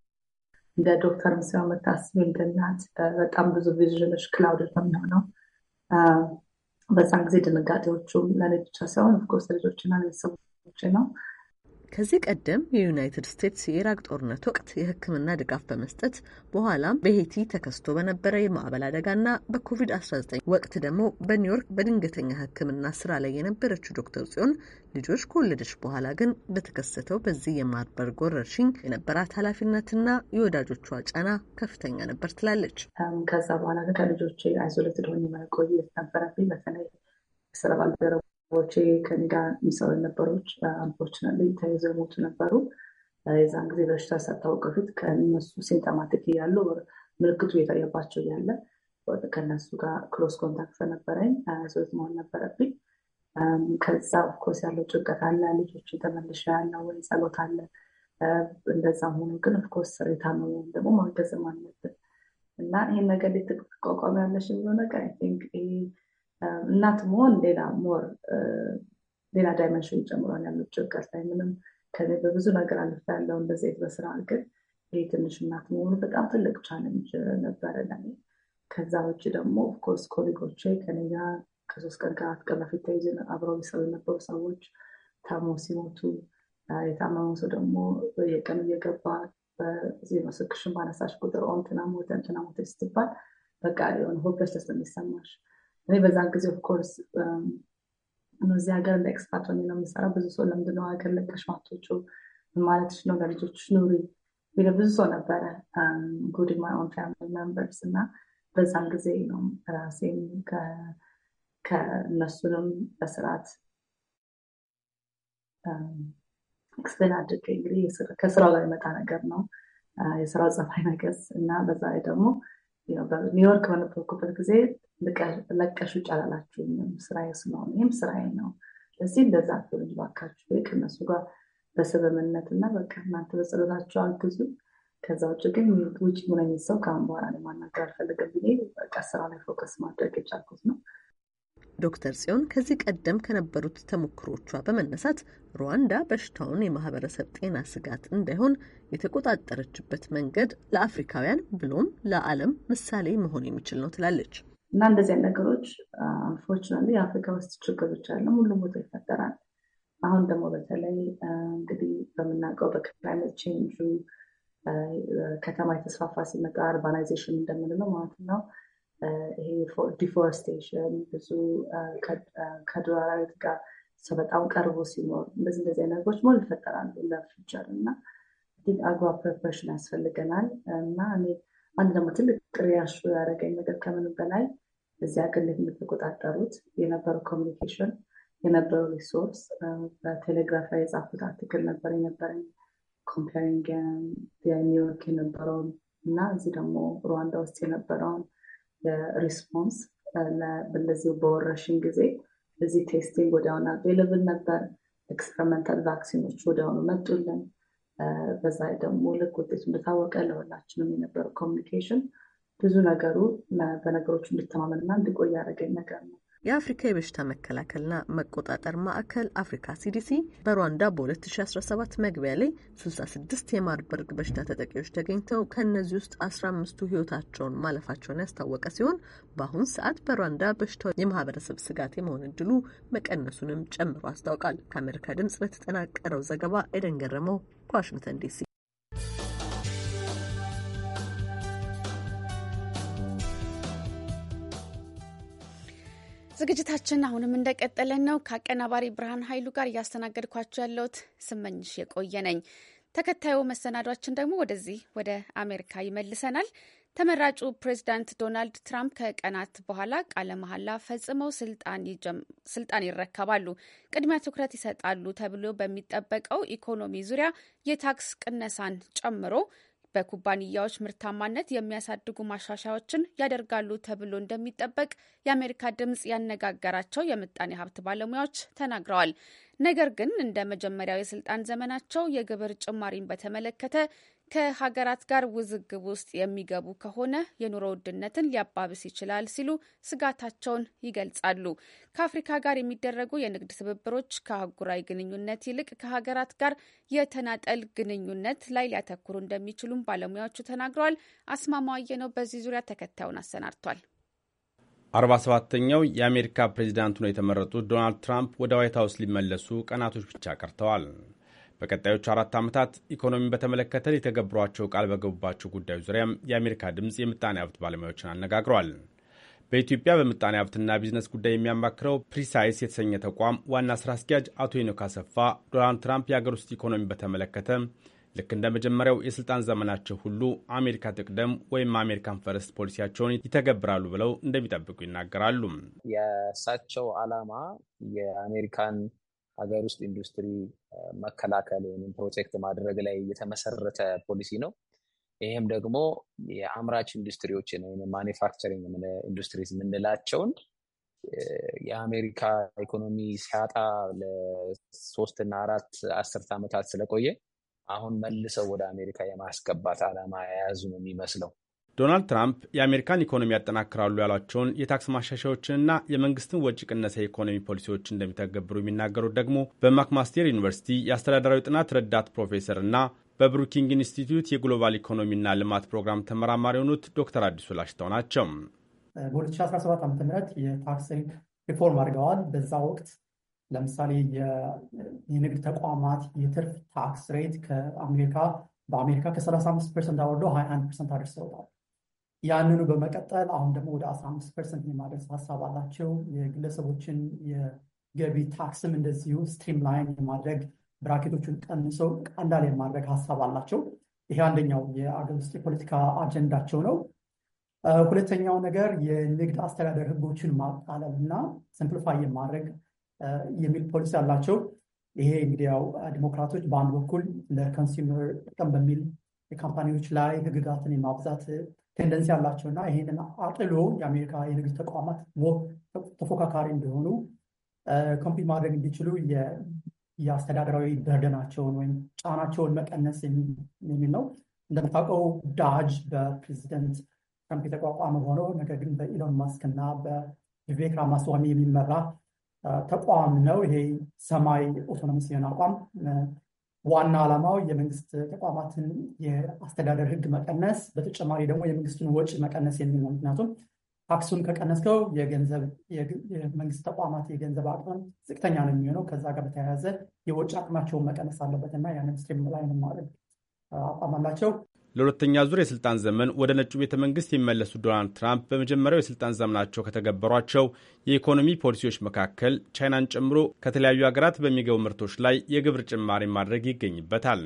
Speaker 15: እንደ ዶክተር ምስሆ መታስብ እንደ በጣም ብዙ ቪዥኖች ክላውድ በሚሆነው በዛን ጊዜ ድንጋጤዎቹም ለልጆቻ ሳይሆን ኦፍኮርስ
Speaker 14: ልጆችና ቤተሰቦች ነው ከዚህ ቀደም የዩናይትድ ስቴትስ የኢራቅ ጦርነት ወቅት የሕክምና ድጋፍ በመስጠት በኋላም በሄቲ ተከስቶ በነበረ የማዕበል አደጋና በኮቪድ-19 ወቅት ደግሞ በኒውዮርክ በድንገተኛ ሕክምና ስራ ላይ የነበረችው ዶክተር ጽዮን ልጆች ከወለደች በኋላ ግን በተከሰተው በዚህ የማርበርግ ወረርሽኝ የነበራት
Speaker 15: ኃላፊነትና የወዳጆቿ ጫና ከፍተኛ ነበር ትላለች። ከዛ በኋላ ከልጆች አይዞለት ደሆን መቆየት ነበረብኝ። በተለይ ስለ ባልደረቡ ቦቼ ከኔ ጋር የሚሰሩ ነበሮች አንፎርችናትሊ ተይዘው የሞቱ ነበሩ። የዛን ጊዜ በሽታ ሳታወቅ በፊት ከነሱ ሲምፕቶማቲክ እያሉ ምልክቱ እየታየባቸው እያለ ከነሱ ጋር ክሎስ ኮንታክት ነበረኝ። ሶት መሆን ነበረብኝ። ከዛ ኮርስ ያለው ጭንቀት አለ። ልጆች ተመልሻ ያለው ወይ ጸሎት አለ። እንደዛም ሆኖ ግን ኦፍኮርስ ወይም ደግሞ ማገዝም አለብን እና ይህን ነገር እንዴት ያለሽ የሚለው ነገር አይ ቲንክ እናት መሆን ሌላ ሞር ሌላ ዳይመንሽን ጨምሯን ያለች ችግር ላይ ምንም ከኔ በብዙ ነገር አልፍ ያለው እንደዚህ በስራ ግን ይህ ትንሽ እናት መሆኑ በጣም ትልቅ ቻለንጅ ነበረ ለኔ። ከዛ ውጭ ደግሞ ኦፍኮርስ ኮሌጎቼ ከኔ ጋር ከሶስት ቀን ከአራት ቀን በፊት ተይዘ አብረው ሊሰሩ የነበሩ ሰዎች ታሞ ሲሞቱ የታመመ ሰው ደግሞ የቀን እየገባ በዚህ ስልክሽን ባነሳሽ ቁጥር ኦ እንትና ሞተ እንትና ሞተ ስትባል በቃ የሆነ ሆፕለስነስ ነው የሚሰማሽ። እኔ በዛን ጊዜ ኦፍኮርስ um, እዚህ ሀገር እንደ ኤክስፓት ሆኜ ነው የምሰራው። ብዙ ሰው ለምንድነው ሀገር ለቀሽ ማትወጪው ማለትሽ ነው ለልጆች ኑሪ ቢለ ብዙ ሰው ነበረ ጉድ ማይ ኦውን ፋሚሊ ሜምበርስ እና በዛን ጊዜ ነው ራሴን ከእነሱንም በስርዓት ኤክስፕሌን um, አድርገ እንግዲህ ከስራው ላይ መጣ ነገር ነው uh, የስራው ጸፋይ ነገስ እና በዛ ላይ ደግሞ ኒውዮርክ በነበርኩበት ጊዜ ለቀሹ ጫላላችሁ ስራዬ ስለሆነ ይህም ስራዬ ነው። ለዚህ እንደዛ ትውልድ ባካችሁ ከነሱ ጋር በሰበምነት እና በቃ እናንተ በጸሎታችሁ አግዙ። ከዛ ውጭ ግን ውጭ ሆነ ሰው ከአሁን በኋላ ለማናገር አልፈልግም ብዬ በቃ ስራ ላይ ፎከስ ማድረግ የቻልኩት ነው። ዶክተር ጽዮን ከዚህ ቀደም ከነበሩት ተሞክሮቿ
Speaker 14: በመነሳት ሩዋንዳ በሽታውን የማህበረሰብ ጤና ስጋት እንዳይሆን የተቆጣጠረችበት መንገድ ለአፍሪካውያን ብሎም ለዓለም ምሳሌ መሆን የሚችል ነው ትላለች።
Speaker 15: እና እንደዚህ አይነት ነገሮች አንፎርቹናሊ የአፍሪካ ውስጥ ችግሮች አለ፣ ሁሉም ቦታ ይፈጠራል። አሁን ደግሞ በተለይ እንግዲህ በምናውቀው በክላይመት ቼንጁ ከተማ የተስፋፋ ሲመጣ አርባናይዜሽን እንደምንለው ማለት ነው። ይሄ ዲፎረስቴሽን ብዙ ከዱር አራዊት ጋር ሰው በጣም ቀርቦ ሲኖር እንደዚህ እንደዚህ አይነት ነገሮች ሞል ይፈጠራሉ ለፊቸር እና አግባብ ፕሪፐሬሽን ያስፈልገናል እና እኔ አንድ ደግሞ ትልቅ ቅሪያሹ ያደረገኝ ነገር ከምን በላይ እዚህ ሀገር እንዴት የምትቆጣጠሩት የነበረው ኮሚኒኬሽን የነበረው ሪሶርስ በቴሌግራፍ ላይ የጻፉት አርቲክል ነበር የነበረኝ ኮምፓሪንግ ኒውዮርክ የነበረውን እና እዚህ ደግሞ ሩዋንዳ ውስጥ የነበረውን ሪስፖንስ በእንደዚሁ በወረሽን ጊዜ እዚህ ቴስቲንግ ወዲያውና አቬለብል ነበር። ኤክስፐሪመንታል ቫክሲኖች ወዲያውኑ መጡልን። በዛ ደግሞ ልክ ውጤቱ እንደታወቀ ለሁላችንም የነበረው ኮሚኒኬሽን ብዙ ነገሩ በነገሮች እንድተማመን እና እንድቆይ ያደረገኝ ነገር ነው። የአፍሪካ የበሽታ መከላከልና መቆጣጠር ማዕከል
Speaker 16: አፍሪካ
Speaker 14: ሲዲሲ በሩዋንዳ በ2017 መግቢያ ላይ 66 የማርበርግ በሽታ ተጠቂዎች ተገኝተው ከእነዚህ ውስጥ 15ቱ ህይወታቸውን ማለፋቸውን ያስታወቀ ሲሆን በአሁን ሰዓት በሩዋንዳ በሽታው የማህበረሰብ ስጋት የመሆን እድሉ መቀነሱንም ጨምሮ አስታውቃል። ከአሜሪካ ድምጽ በተጠናቀረው ዘገባ ኤደን ገረመው ከዋሽንግተን ዲሲ
Speaker 1: ዝግጅታችን አሁንም እንደቀጠለን ነው። ከአቀናባሪ ብርሃን ኃይሉ ጋር እያስተናገድኳቸው ያለሁት ስመኝሽ የቆየ ነኝ። ተከታዩ መሰናዷችን ደግሞ ወደዚህ ወደ አሜሪካ ይመልሰናል። ተመራጩ ፕሬዚዳንት ዶናልድ ትራምፕ ከቀናት በኋላ ቃለ መሐላ ፈጽመው ስልጣን ይረከባሉ። ቅድሚያ ትኩረት ይሰጣሉ ተብሎ በሚጠበቀው ኢኮኖሚ ዙሪያ የታክስ ቅነሳን ጨምሮ በኩባንያዎች ምርታማነት የሚያሳድጉ ማሻሻያዎችን ያደርጋሉ ተብሎ እንደሚጠበቅ የአሜሪካ ድምፅ ያነጋገራቸው የምጣኔ ሀብት ባለሙያዎች ተናግረዋል። ነገር ግን እንደ መጀመሪያው የስልጣን ዘመናቸው የግብር ጭማሪን በተመለከተ ከሀገራት ጋር ውዝግብ ውስጥ የሚገቡ ከሆነ የኑሮ ውድነትን ሊያባብስ ይችላል ሲሉ ስጋታቸውን ይገልጻሉ። ከአፍሪካ ጋር የሚደረጉ የንግድ ትብብሮች ከአህጉራዊ ግንኙነት ይልቅ ከሀገራት ጋር የተናጠል ግንኙነት ላይ ሊያተኩሩ እንደሚችሉም ባለሙያዎቹ ተናግረዋል። አስማማዋየ ነው በዚህ ዙሪያ ተከታዩን አሰናድቷል።
Speaker 13: አርባ ሰባተኛው የአሜሪካ ፕሬዚዳንት ሆነው የተመረጡት ዶናልድ ትራምፕ ወደ ዋይት ሀውስ ሊመለሱ ቀናቶች ብቻ ቀርተዋል። በቀጣዮቹ አራት ዓመታት ኢኮኖሚን በተመለከተ ሊተገብሯቸው ቃል በገቡባቸው ጉዳዮች ዙሪያም የአሜሪካ ድምፅ የምጣኔ ሀብት ባለሙያዎችን አነጋግሯል። በኢትዮጵያ በምጣኔ ሀብትና ቢዝነስ ጉዳይ የሚያማክረው ፕሪሳይስ የተሰኘ ተቋም ዋና ስራ አስኪያጅ አቶ ሄኖክ አሰፋ ዶናልድ ትራምፕ የአገር ውስጥ ኢኮኖሚ በተመለከተ ልክ እንደ መጀመሪያው የስልጣን ዘመናቸው ሁሉ አሜሪካ ትቅደም ወይም አሜሪካን ፈረስት ፖሊሲያቸውን ይተገብራሉ ብለው እንደሚጠብቁ ይናገራሉ።
Speaker 17: የእሳቸው ዓላማ የአሜሪካን ሀገር ውስጥ ኢንዱስትሪ መከላከል ወይም ፕሮቴክት ማድረግ ላይ የተመሰረተ ፖሊሲ ነው። ይህም ደግሞ የአምራች ኢንዱስትሪዎችን ወይም ማኒፋክቸሪንግ ኢንዱስትሪዝ የምንላቸውን የአሜሪካ ኢኮኖሚ ሲያጣ ለሶስትና አራት አስርት ዓመታት ስለቆየ አሁን መልሰው ወደ አሜሪካ የማስገባት ዓላማ የያዙ ነው የሚመስለው።
Speaker 13: ዶናልድ ትራምፕ የአሜሪካን ኢኮኖሚ ያጠናክራሉ ያሏቸውን የታክስ ማሻሻያዎችንና የመንግስትን ወጪ ቅነሳ የኢኮኖሚ ፖሊሲዎች እንደሚተገብሩ የሚናገሩት ደግሞ በማክማስቴር ዩኒቨርሲቲ የአስተዳደራዊ ጥናት ረዳት ፕሮፌሰር እና በብሩኪንግ ኢንስቲትዩት የግሎባል ኢኮኖሚና ልማት ፕሮግራም ተመራማሪ የሆኑት ዶክተር አዲሱ ላሽተው ናቸው።
Speaker 18: በ2017 ዓ ም የታክስ ሪፎርም አድርገዋል። በዛ ወቅት ለምሳሌ የንግድ ተቋማት የትርፍ ታክስ ሬት ከአሜሪካ በአሜሪካ ከ35 ፐርሰንት አወርዶ 21 ፐርሰንት አድርሰውታል። ያንኑ በመቀጠል አሁን ደግሞ ወደ 15 ፐርሰንት የማድረስ ሀሳብ አላቸው። የግለሰቦችን የገቢ ታክስም እንደዚሁ ስትሪም ላይን የማድረግ ብራኬቶቹን ቀንሰው ቀላል የማድረግ ሀሳብ አላቸው። ይሄ አንደኛው የአገር ውስጥ የፖለቲካ አጀንዳቸው ነው። ሁለተኛው ነገር የንግድ አስተዳደር ህጎችን ማቃለል እና ሲምፕሊፋይ የማድረግ የሚል ፖሊሲ አላቸው። ይሄ እንግዲህ ያው ዲሞክራቶች በአንድ በኩል ለኮንሱመር ጥቅም በሚል የካምፓኒዎች ላይ ህግጋትን የማብዛት ቴንደንስ እና ይህንን አጥሎ የአሜሪካ የንግድ ተቋማት ተፎካካሪ እንደሆኑ ኮምፒት ማድረግ እንዲችሉ የአስተዳደራዊ በርደናቸውን ወይም ጫናቸውን መቀነስ የሚል ነው። እንደምታውቀው ዳጅ በፕሬዚደንት ትራምፕ የተቋቋመ ሆኖ ነገር ግን በኢሎን ማስክ እና በቪቬክ ራማስዋሚ የሚመራ ተቋም ነው። ይሄ ሰማይ ኦቶኖሚስ የሆነ አቋም ዋና ዓላማው የመንግስት ተቋማትን የአስተዳደር ህግ መቀነስ፣ በተጨማሪ ደግሞ የመንግስትን ወጪ መቀነስ የሚል ነው። ምክንያቱም ታክሱን ከቀነስከው የመንግስት ተቋማት የገንዘብ አቅም ዝቅተኛ ነው የሚሆነው። ከዛ ጋር በተያያዘ የወጪ አቅማቸውን መቀነስ አለበት እና ያንን ስትሪም ላይ ማድረግ አቋም አላቸው።
Speaker 13: ለሁለተኛ ዙር የስልጣን ዘመን ወደ ነጩ ቤተ መንግስት የሚመለሱ ዶናልድ ትራምፕ በመጀመሪያው የስልጣን ዘመናቸው ከተገበሯቸው የኢኮኖሚ ፖሊሲዎች መካከል ቻይናን ጨምሮ ከተለያዩ ሀገራት በሚገቡ ምርቶች ላይ የግብር ጭማሪ ማድረግ ይገኝበታል።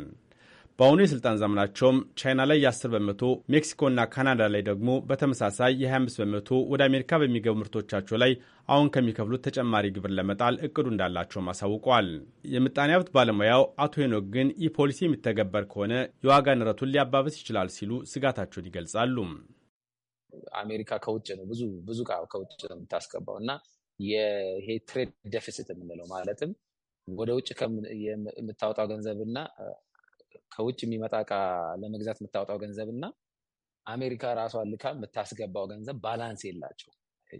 Speaker 13: በአሁኑ የስልጣን ዘመናቸውም ቻይና ላይ የ10 በመቶ ሜክሲኮና ካናዳ ላይ ደግሞ በተመሳሳይ የ25 በመቶ ወደ አሜሪካ በሚገቡ ምርቶቻቸው ላይ አሁን ከሚከፍሉት ተጨማሪ ግብር ለመጣል እቅዱ እንዳላቸውም አሳውቀዋል። የምጣኔ ሀብት ባለሙያው አቶ ሄኖክ ግን ይህ ፖሊሲ የሚተገበር ከሆነ የዋጋ ንረቱን ሊያባብስ ይችላል ሲሉ ስጋታቸውን ይገልጻሉ።
Speaker 17: አሜሪካ ከውጭ ነው ብዙ ብዙ ዕቃ ከውጭ ነው የምታስገባው እና ይሄ ትሬድ ደፊሲት የምንለው ማለትም ወደ ውጭ የምታወጣው ገንዘብና ከውጭ የሚመጣ እቃ ለመግዛት የምታወጣው ገንዘብ እና አሜሪካ ራሷ ልካ የምታስገባው ገንዘብ ባላንስ የላቸው።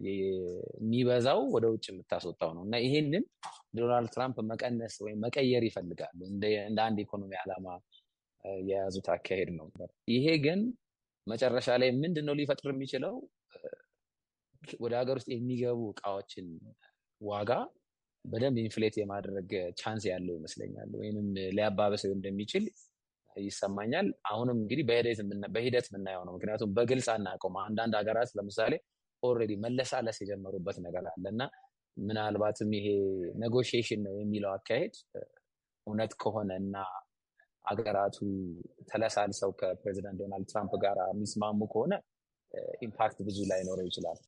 Speaker 17: የሚበዛው ወደ ውጭ የምታስወጣው ነው እና ይሄንን ዶናልድ ትራምፕ መቀነስ ወይም መቀየር ይፈልጋሉ። እንደ አንድ ኢኮኖሚ ዓላማ የያዙት አካሄድ ነው። ይሄ ግን መጨረሻ ላይ ምንድን ነው ሊፈጥር የሚችለው ወደ ሀገር ውስጥ የሚገቡ እቃዎችን ዋጋ በደንብ ኢንፍሌት የማድረግ ቻንስ ያለው ይመስለኛል፣ ወይም ሊያባበሰው እንደሚችል ይሰማኛል። አሁንም እንግዲህ በሂደት የምናየው ነው። ምክንያቱም በግልጽ አናቆም አንዳንድ ሀገራት ለምሳሌ ኦሬዲ መለሳለስ የጀመሩበት ነገር አለ እና ምናልባትም ይሄ ኔጎሽሽን ነው የሚለው አካሄድ እውነት ከሆነ እና አገራቱ ተለሳልሰው ከፕሬዚዳንት ዶናልድ ትራምፕ ጋር የሚስማሙ ከሆነ ኢምፓክት ብዙ ላይኖረው ይችላል።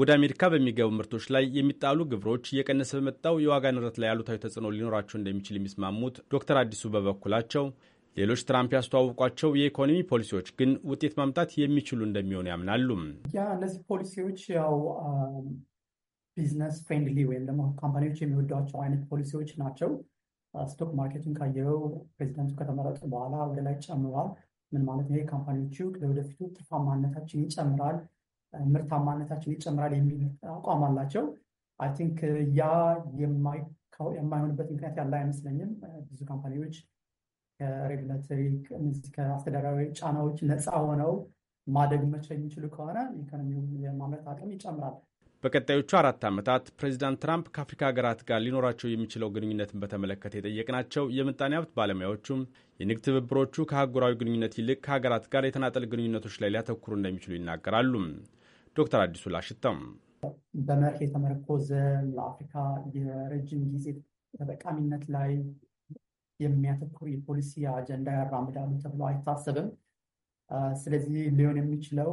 Speaker 17: ወደ
Speaker 13: አሜሪካ በሚገቡ ምርቶች ላይ የሚጣሉ ግብሮች እየቀነሰ በመጣው የዋጋ ንረት ላይ ያሉታዊ ተጽዕኖ ሊኖራቸው እንደሚችል የሚስማሙት ዶክተር አዲሱ በበኩላቸው ሌሎች ትራምፕ ያስተዋወቋቸው የኢኮኖሚ ፖሊሲዎች ግን ውጤት ማምጣት የሚችሉ እንደሚሆኑ ያምናሉ።
Speaker 18: ያ እነዚህ ፖሊሲዎች ያው ቢዝነስ ፍሬንድሊ ወይም ደግሞ ካምፓኒዎች የሚወዷቸው አይነት ፖሊሲዎች ናቸው። ስቶክ ማርኬቱን ካየው ፕሬዚደንቱ ከተመረጡ በኋላ ወደ ላይ ጨምሯል። ምን ማለት ነው? ካምፓኒዎቹ ለወደፊቱ ትርፋማነታችን ይጨምራል ምርታማነታችን ይጨምራል የሚል አቋም አላቸው። አይ ቲንክ ያ የማይሆንበት ምክንያት ያለ አይመስለኝም። ብዙ ካምፓኒዎች ከሬጉላተሪ ከአስተዳደራዊ ጫናዎች ነፃ ሆነው ማደግ መቻ የሚችሉ ከሆነ ኢኮኖሚው የማምረት አቅም ይጨምራል።
Speaker 13: በቀጣዮቹ አራት ዓመታት ፕሬዚዳንት ትራምፕ ከአፍሪካ ሀገራት ጋር ሊኖራቸው የሚችለው ግንኙነትን በተመለከተ የጠየቅናቸው የምጣኔ ሀብት ባለሙያዎቹም የንግድ ትብብሮቹ ከአህጉራዊ ግንኙነት ይልቅ ከሀገራት ጋር የተናጠል ግንኙነቶች ላይ ሊያተኩሩ እንደሚችሉ ይናገራሉ። ዶክተር አዲሱ ላሽተም
Speaker 18: በመርህ የተመረኮዘ ለአፍሪካ የረጅም ጊዜ ተጠቃሚነት ላይ የሚያተኩር የፖሊሲ አጀንዳ ያራምዳሉ ተብሎ አይታሰብም። ስለዚህ ሊሆን የሚችለው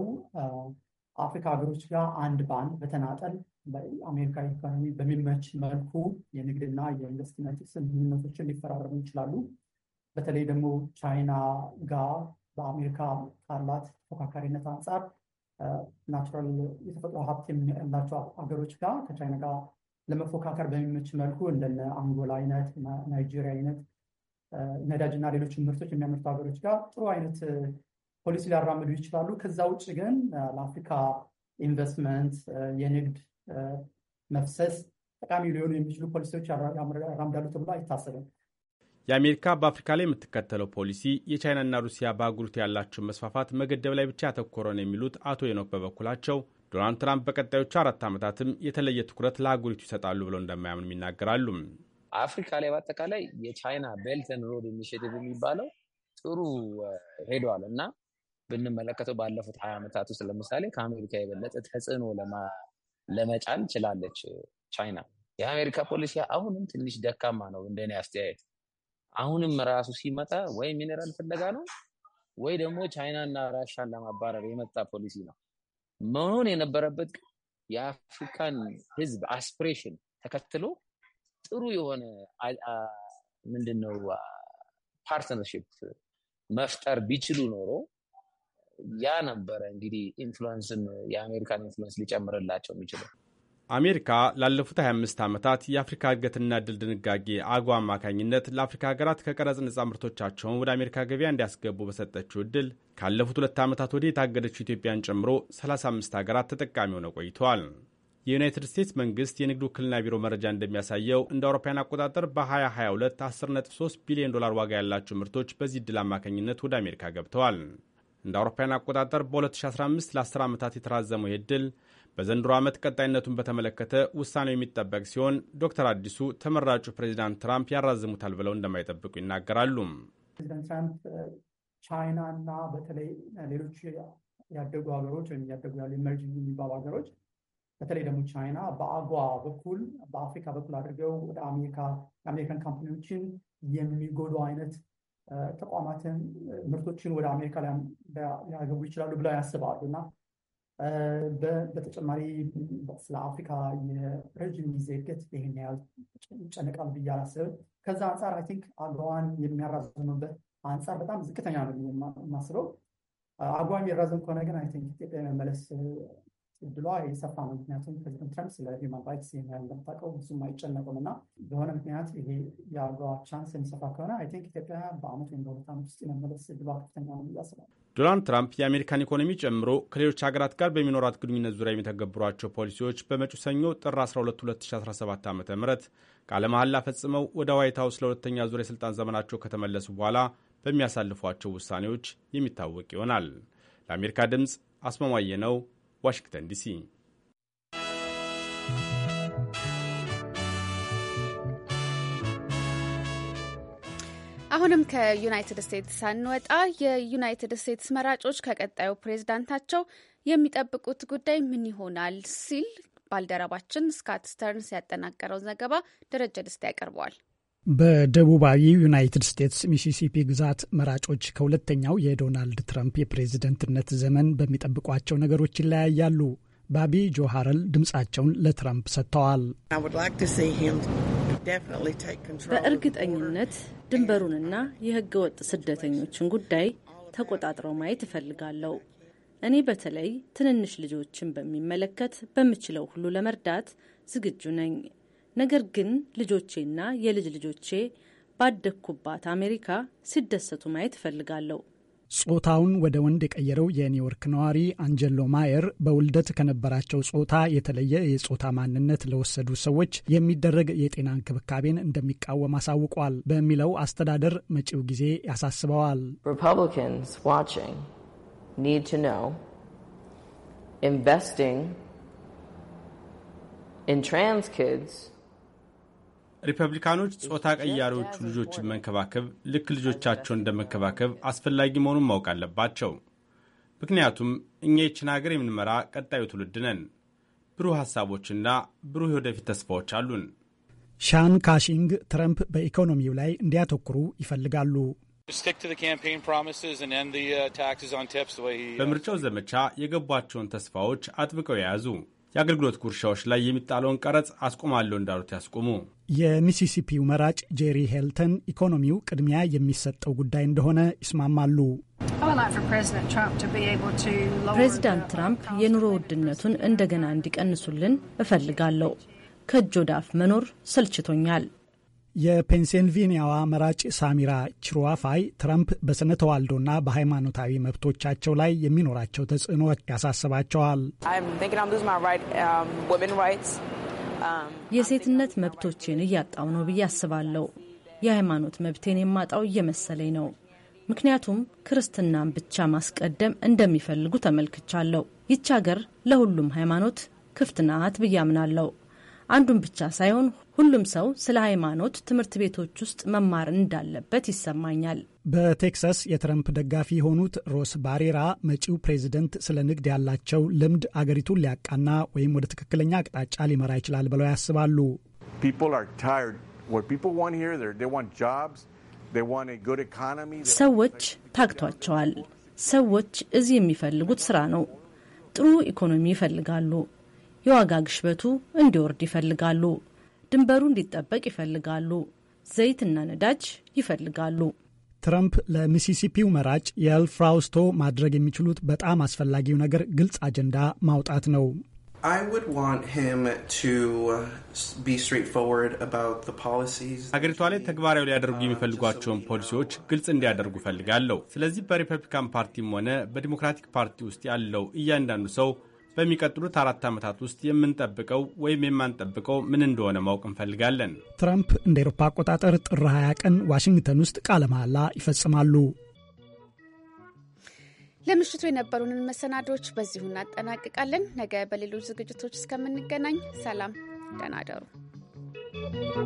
Speaker 18: አፍሪካ ሀገሮች ጋር አንድ በአንድ በተናጠል በአሜሪካ ኢኮኖሚ በሚመች መልኩ የንግድና የኢንቨስትመንት ስምምነቶችን ሊፈራረሙ ይችላሉ። በተለይ ደግሞ ቻይና ጋር በአሜሪካ ካላት ተፎካካሪነት አንጻር ናቹራል የተፈጥሮ ሀብት ያላቸው ሀገሮች ጋር ከቻይና ጋር ለመፎካከር በሚመች መልኩ እንደነ አንጎላ አይነት ናይጄሪያ አይነት ነዳጅ እና ሌሎች ምርቶች የሚያመርቱ ሀገሮች ጋር ጥሩ አይነት ፖሊሲ ሊያራምዱ ይችላሉ። ከዛ ውጭ ግን ለአፍሪካ ኢንቨስትመንት የንግድ መፍሰስ ጠቃሚ ሊሆኑ የሚችሉ ፖሊሲዎች ያራምዳሉ ተብሎ አይታሰብም።
Speaker 13: የአሜሪካ በአፍሪካ ላይ የምትከተለው ፖሊሲ የቻይናና ሩሲያ በአህጉሪቱ ያላቸውን መስፋፋት መገደብ ላይ ብቻ ያተኮረ ነው የሚሉት አቶ ሄኖክ በበኩላቸው ዶናልድ ትራምፕ በቀጣዮቹ አራት ዓመታትም የተለየ ትኩረት ለአህጉሪቱ ይሰጣሉ ብለው እንደማያምኑም ይናገራሉ።
Speaker 17: አፍሪካ ላይ በአጠቃላይ የቻይና ቤልትን ሮድ ኢኒሽቲቭ የሚባለው ጥሩ ሄዷል እና ብንመለከተው ባለፉት ሀያ ዓመታት ውስጥ ለምሳሌ ከአሜሪካ የበለጠ ተጽዕኖ ለመጫን ችላለች ቻይና። የአሜሪካ ፖሊሲ አሁንም ትንሽ ደካማ ነው እንደኔ አስተያየት አሁንም ራሱ ሲመጣ ወይ ሚኔራል ፍለጋ ነው ወይ ደግሞ ቻይና እና ራሻን ለማባረር የመጣ ፖሊሲ ነው። መሆን የነበረበት የአፍሪካን ህዝብ አስፒሬሽን ተከትሎ ጥሩ የሆነ ምንድነው ፓርትነርሽፕ መፍጠር ቢችሉ ኖሮ ያ ነበረ እንግዲህ ኢንፍሉንስን የአሜሪካን ኢንፍሉንስ ሊጨምርላቸው የሚችለው።
Speaker 13: አሜሪካ ላለፉት 25 ዓመታት የአፍሪካ እድገትና እድል ድንጋጌ አግዋ አማካኝነት ለአፍሪካ ሀገራት ከቀረጽ ነጻ ምርቶቻቸውን ወደ አሜሪካ ገበያ እንዲያስገቡ በሰጠችው እድል ካለፉት ሁለት ዓመታት ወዲህ የታገደችው ኢትዮጵያን ጨምሮ 35 ሀገራት ተጠቃሚ ሆነው ቆይተዋል። የዩናይትድ ስቴትስ መንግስት የንግድ ውክልና ቢሮ መረጃ እንደሚያሳየው እንደ አውሮፓውያን አቆጣጠር በ2022 10.3 ቢሊዮን ዶላር ዋጋ ያላቸው ምርቶች በዚህ እድል አማካኝነት ወደ አሜሪካ ገብተዋል። እንደ አውሮፓውያን አቆጣጠር በ2015 ለ10 ዓመታት የተራዘመው ይህ እድል በዘንድሮ ዓመት ቀጣይነቱን በተመለከተ ውሳኔው የሚጠበቅ ሲሆን ዶክተር አዲሱ ተመራጩ ፕሬዚዳንት ትራምፕ ያራዝሙታል ብለው እንደማይጠብቁ ይናገራሉ።
Speaker 18: ፕሬዚዳንት ትራምፕ ቻይና እና በተለይ ሌሎች ያደጉ ሀገሮች ወይም ያደጉ ያሉ ኢመርጂንግ የሚባሉ ሀገሮች በተለይ ደግሞ ቻይና በአጓ በኩል በአፍሪካ በኩል አድርገው ወደ አሜሪካ የአሜሪካን ካምፓኒዎችን የሚጎዱ አይነት ተቋማትን ምርቶችን ወደ አሜሪካ ሊያገቡ ይችላሉ ብለው ያስባሉ እና በተጨማሪ ስለ አፍሪካ የረዥም ጊዜ እድገት ይህን ያህል ይጨነቃል ብዬ አላስብም። ከዛ አንጻር አይ ቲንክ አገዋን የሚያራዘምበት አንጻር በጣም ዝቅተኛ ነው የማስበው። አገዋ የሚራዘም ከሆነ ግን አይ ቲንክ ኢትዮጵያ የመመለስ እድሏ የሰፋ ነው። ምክንያቱም ፕሬዚደንት ትራምፕ ስለ ሂውማን ራይትስ ይህን ያህል እንደምታውቀው ብዙም አይጨነቁም እና በሆነ ምክንያት ይሄ የአገዋ ቻንስ የሚሰፋ ከሆነ አይ ቲንክ ኢትዮጵያ በአመት ወይም በሁለት ዓመት ውስጥ የመመለስ እድሏ ከፍተኛ ነው ብዬ አስባለሁ።
Speaker 13: ዶናልድ ትራምፕ የአሜሪካን ኢኮኖሚ ጨምሮ ከሌሎች ሀገራት ጋር በሚኖራት ግንኙነት ዙሪያ የሚተገብሯቸው ፖሊሲዎች በመጪው ሰኞ ጥር 12 2017 ዓ ም ቃለ መሐላ ፈጽመው ወደ ዋይት ሀውስ ለሁለተኛ ዙር የሥልጣን ዘመናቸው ከተመለሱ በኋላ በሚያሳልፏቸው ውሳኔዎች የሚታወቅ ይሆናል። ለአሜሪካ ድምፅ አስማማየ ነው፣ ዋሽንግተን ዲሲ
Speaker 1: አሁንም ከዩናይትድ ስቴትስ ሳንወጣ የዩናይትድ ስቴትስ መራጮች ከቀጣዩ ፕሬዝዳንታቸው የሚጠብቁት ጉዳይ ምን ይሆናል ሲል ባልደረባችን ስካት ስተርንስ ያጠናቀረው ዘገባ ደረጀ ደስታ ያቀርበዋል።
Speaker 2: በደቡባዊ ዩናይትድ ስቴትስ ሚሲሲፒ ግዛት መራጮች ከሁለተኛው የዶናልድ ትራምፕ የፕሬዝደንትነት ዘመን በሚጠብቋቸው ነገሮች ይለያያሉ። ባቢ ጆሃረል ድምፃቸውን ለትራምፕ ሰጥተዋል።
Speaker 16: በእርግጠኝነት ድንበሩንና የህገ ወጥ ስደተኞችን ጉዳይ ተቆጣጥረው ማየት እፈልጋለሁ። እኔ በተለይ ትንንሽ ልጆችን በሚመለከት በምችለው ሁሉ ለመርዳት ዝግጁ ነኝ። ነገር ግን ልጆቼና የልጅ ልጆቼ ባደግኩባት አሜሪካ ሲደሰቱ ማየት እፈልጋለሁ።
Speaker 2: ጾታውን ወደ ወንድ የቀየረው የኒውዮርክ ነዋሪ አንጀሎ ማየር በውልደት ከነበራቸው ጾታ የተለየ የጾታ ማንነት ለወሰዱ ሰዎች የሚደረግ የጤና እንክብካቤን እንደሚቃወም አሳውቋል በሚለው አስተዳደር መጪው ጊዜ ያሳስበዋል።
Speaker 3: ኢንቨስቲንግ ኢን ትራንስ ኪድስ ሪፐብሊካኖች ጾታ ቀያሪዎቹ
Speaker 13: ልጆችን መንከባከብ ልክ ልጆቻቸውን እንደመንከባከብ አስፈላጊ መሆኑን ማወቅ አለባቸው። ምክንያቱም እኛ ይችን ሀገር የምንመራ ቀጣዩ ትውልድ ነን። ብሩህ ሀሳቦችና ብሩህ የወደፊት ተስፋዎች አሉን።
Speaker 2: ሻን ካሺንግ ትረምፕ በኢኮኖሚው ላይ እንዲያተኩሩ ይፈልጋሉ።
Speaker 13: uh, uh, በምርጫው ዘመቻ የገቧቸውን ተስፋዎች አጥብቀው የያዙ የአገልግሎት ጉርሻዎች ላይ የሚጣለውን ቀረጽ አስቆማለሁ እንዳሉት ያስቆሙ።
Speaker 2: የሚሲሲፒው መራጭ ጄሪ ሄልተን ኢኮኖሚው ቅድሚያ የሚሰጠው ጉዳይ እንደሆነ ይስማማሉ። ፕሬዚዳንት ትራምፕ የኑሮ ውድነቱን እንደገና እንዲቀንሱልን
Speaker 16: እፈልጋለሁ። ከእጅ ወደ አፍ መኖር ሰልችቶኛል።
Speaker 2: የፔንሲልቬኒያዋ መራጭ ሳሚራ ችሩዋፋይ ትራምፕ በስነ ተዋልዶና በሃይማኖታዊ መብቶቻቸው ላይ የሚኖራቸው ተጽዕኖ ያሳስባቸዋል።
Speaker 16: Um, የሴትነት መብቶቼን እያጣው ነው ብዬ አስባለሁ። የሃይማኖት መብቴን የማጣው እየመሰለኝ ነው። ምክንያቱም ክርስትናን ብቻ ማስቀደም እንደሚፈልጉ ተመልክቻለሁ። ይች ሀገር ለሁሉም ሃይማኖት ክፍት ናት ብዬ አምናለሁ። አንዱን ብቻ ሳይሆን ሁሉም ሰው ስለ ሃይማኖት ትምህርት ቤቶች ውስጥ መማር እንዳለበት ይሰማኛል።
Speaker 2: በቴክሳስ የትረምፕ ደጋፊ የሆኑት ሮስ ባሬራ መጪው ፕሬዚደንት ስለ ንግድ ያላቸው ልምድ አገሪቱን ሊያቃና ወይም ወደ ትክክለኛ አቅጣጫ ሊመራ ይችላል ብለው ያስባሉ። ሰዎች ታግቷቸዋል። ሰዎች
Speaker 16: እዚህ የሚፈልጉት ስራ ነው። ጥሩ ኢኮኖሚ ይፈልጋሉ። የዋጋ ግሽበቱ እንዲወርድ ይፈልጋሉ። ድንበሩ እንዲጠበቅ ይፈልጋሉ። ዘይትና ነዳጅ ይፈልጋሉ።
Speaker 2: ትራምፕ ለሚሲሲፒው መራጭ የኤልፍራውስቶ ማድረግ የሚችሉት በጣም አስፈላጊው ነገር ግልጽ አጀንዳ ማውጣት ነው።
Speaker 3: uh, ሀገሪቷ ላይ ተግባራዊ
Speaker 13: ሊያደርጉ የሚፈልጓቸውን ፖሊሲዎች ግልጽ እንዲያደርጉ ፈልጋለሁ ስለዚህ በሪፐብሊካን ፓርቲም ሆነ በዲሞክራቲክ ፓርቲ ውስጥ ያለው እያንዳንዱ ሰው በሚቀጥሉት አራት ዓመታት ውስጥ የምንጠብቀው ወይም የማንጠብቀው ምን እንደሆነ ማወቅ እንፈልጋለን።
Speaker 2: ትራምፕ እንደ ኤሮፓ አቆጣጠር ጥር 20 ቀን ዋሽንግተን ውስጥ ቃለ መሐላ ይፈጽማሉ።
Speaker 1: ለምሽቱ የነበሩንን መሰናዶዎች በዚሁ እናጠናቅቃለን። ነገ በሌሎች ዝግጅቶች እስከምንገናኝ ሰላም፣ ደህና
Speaker 4: ደሩ።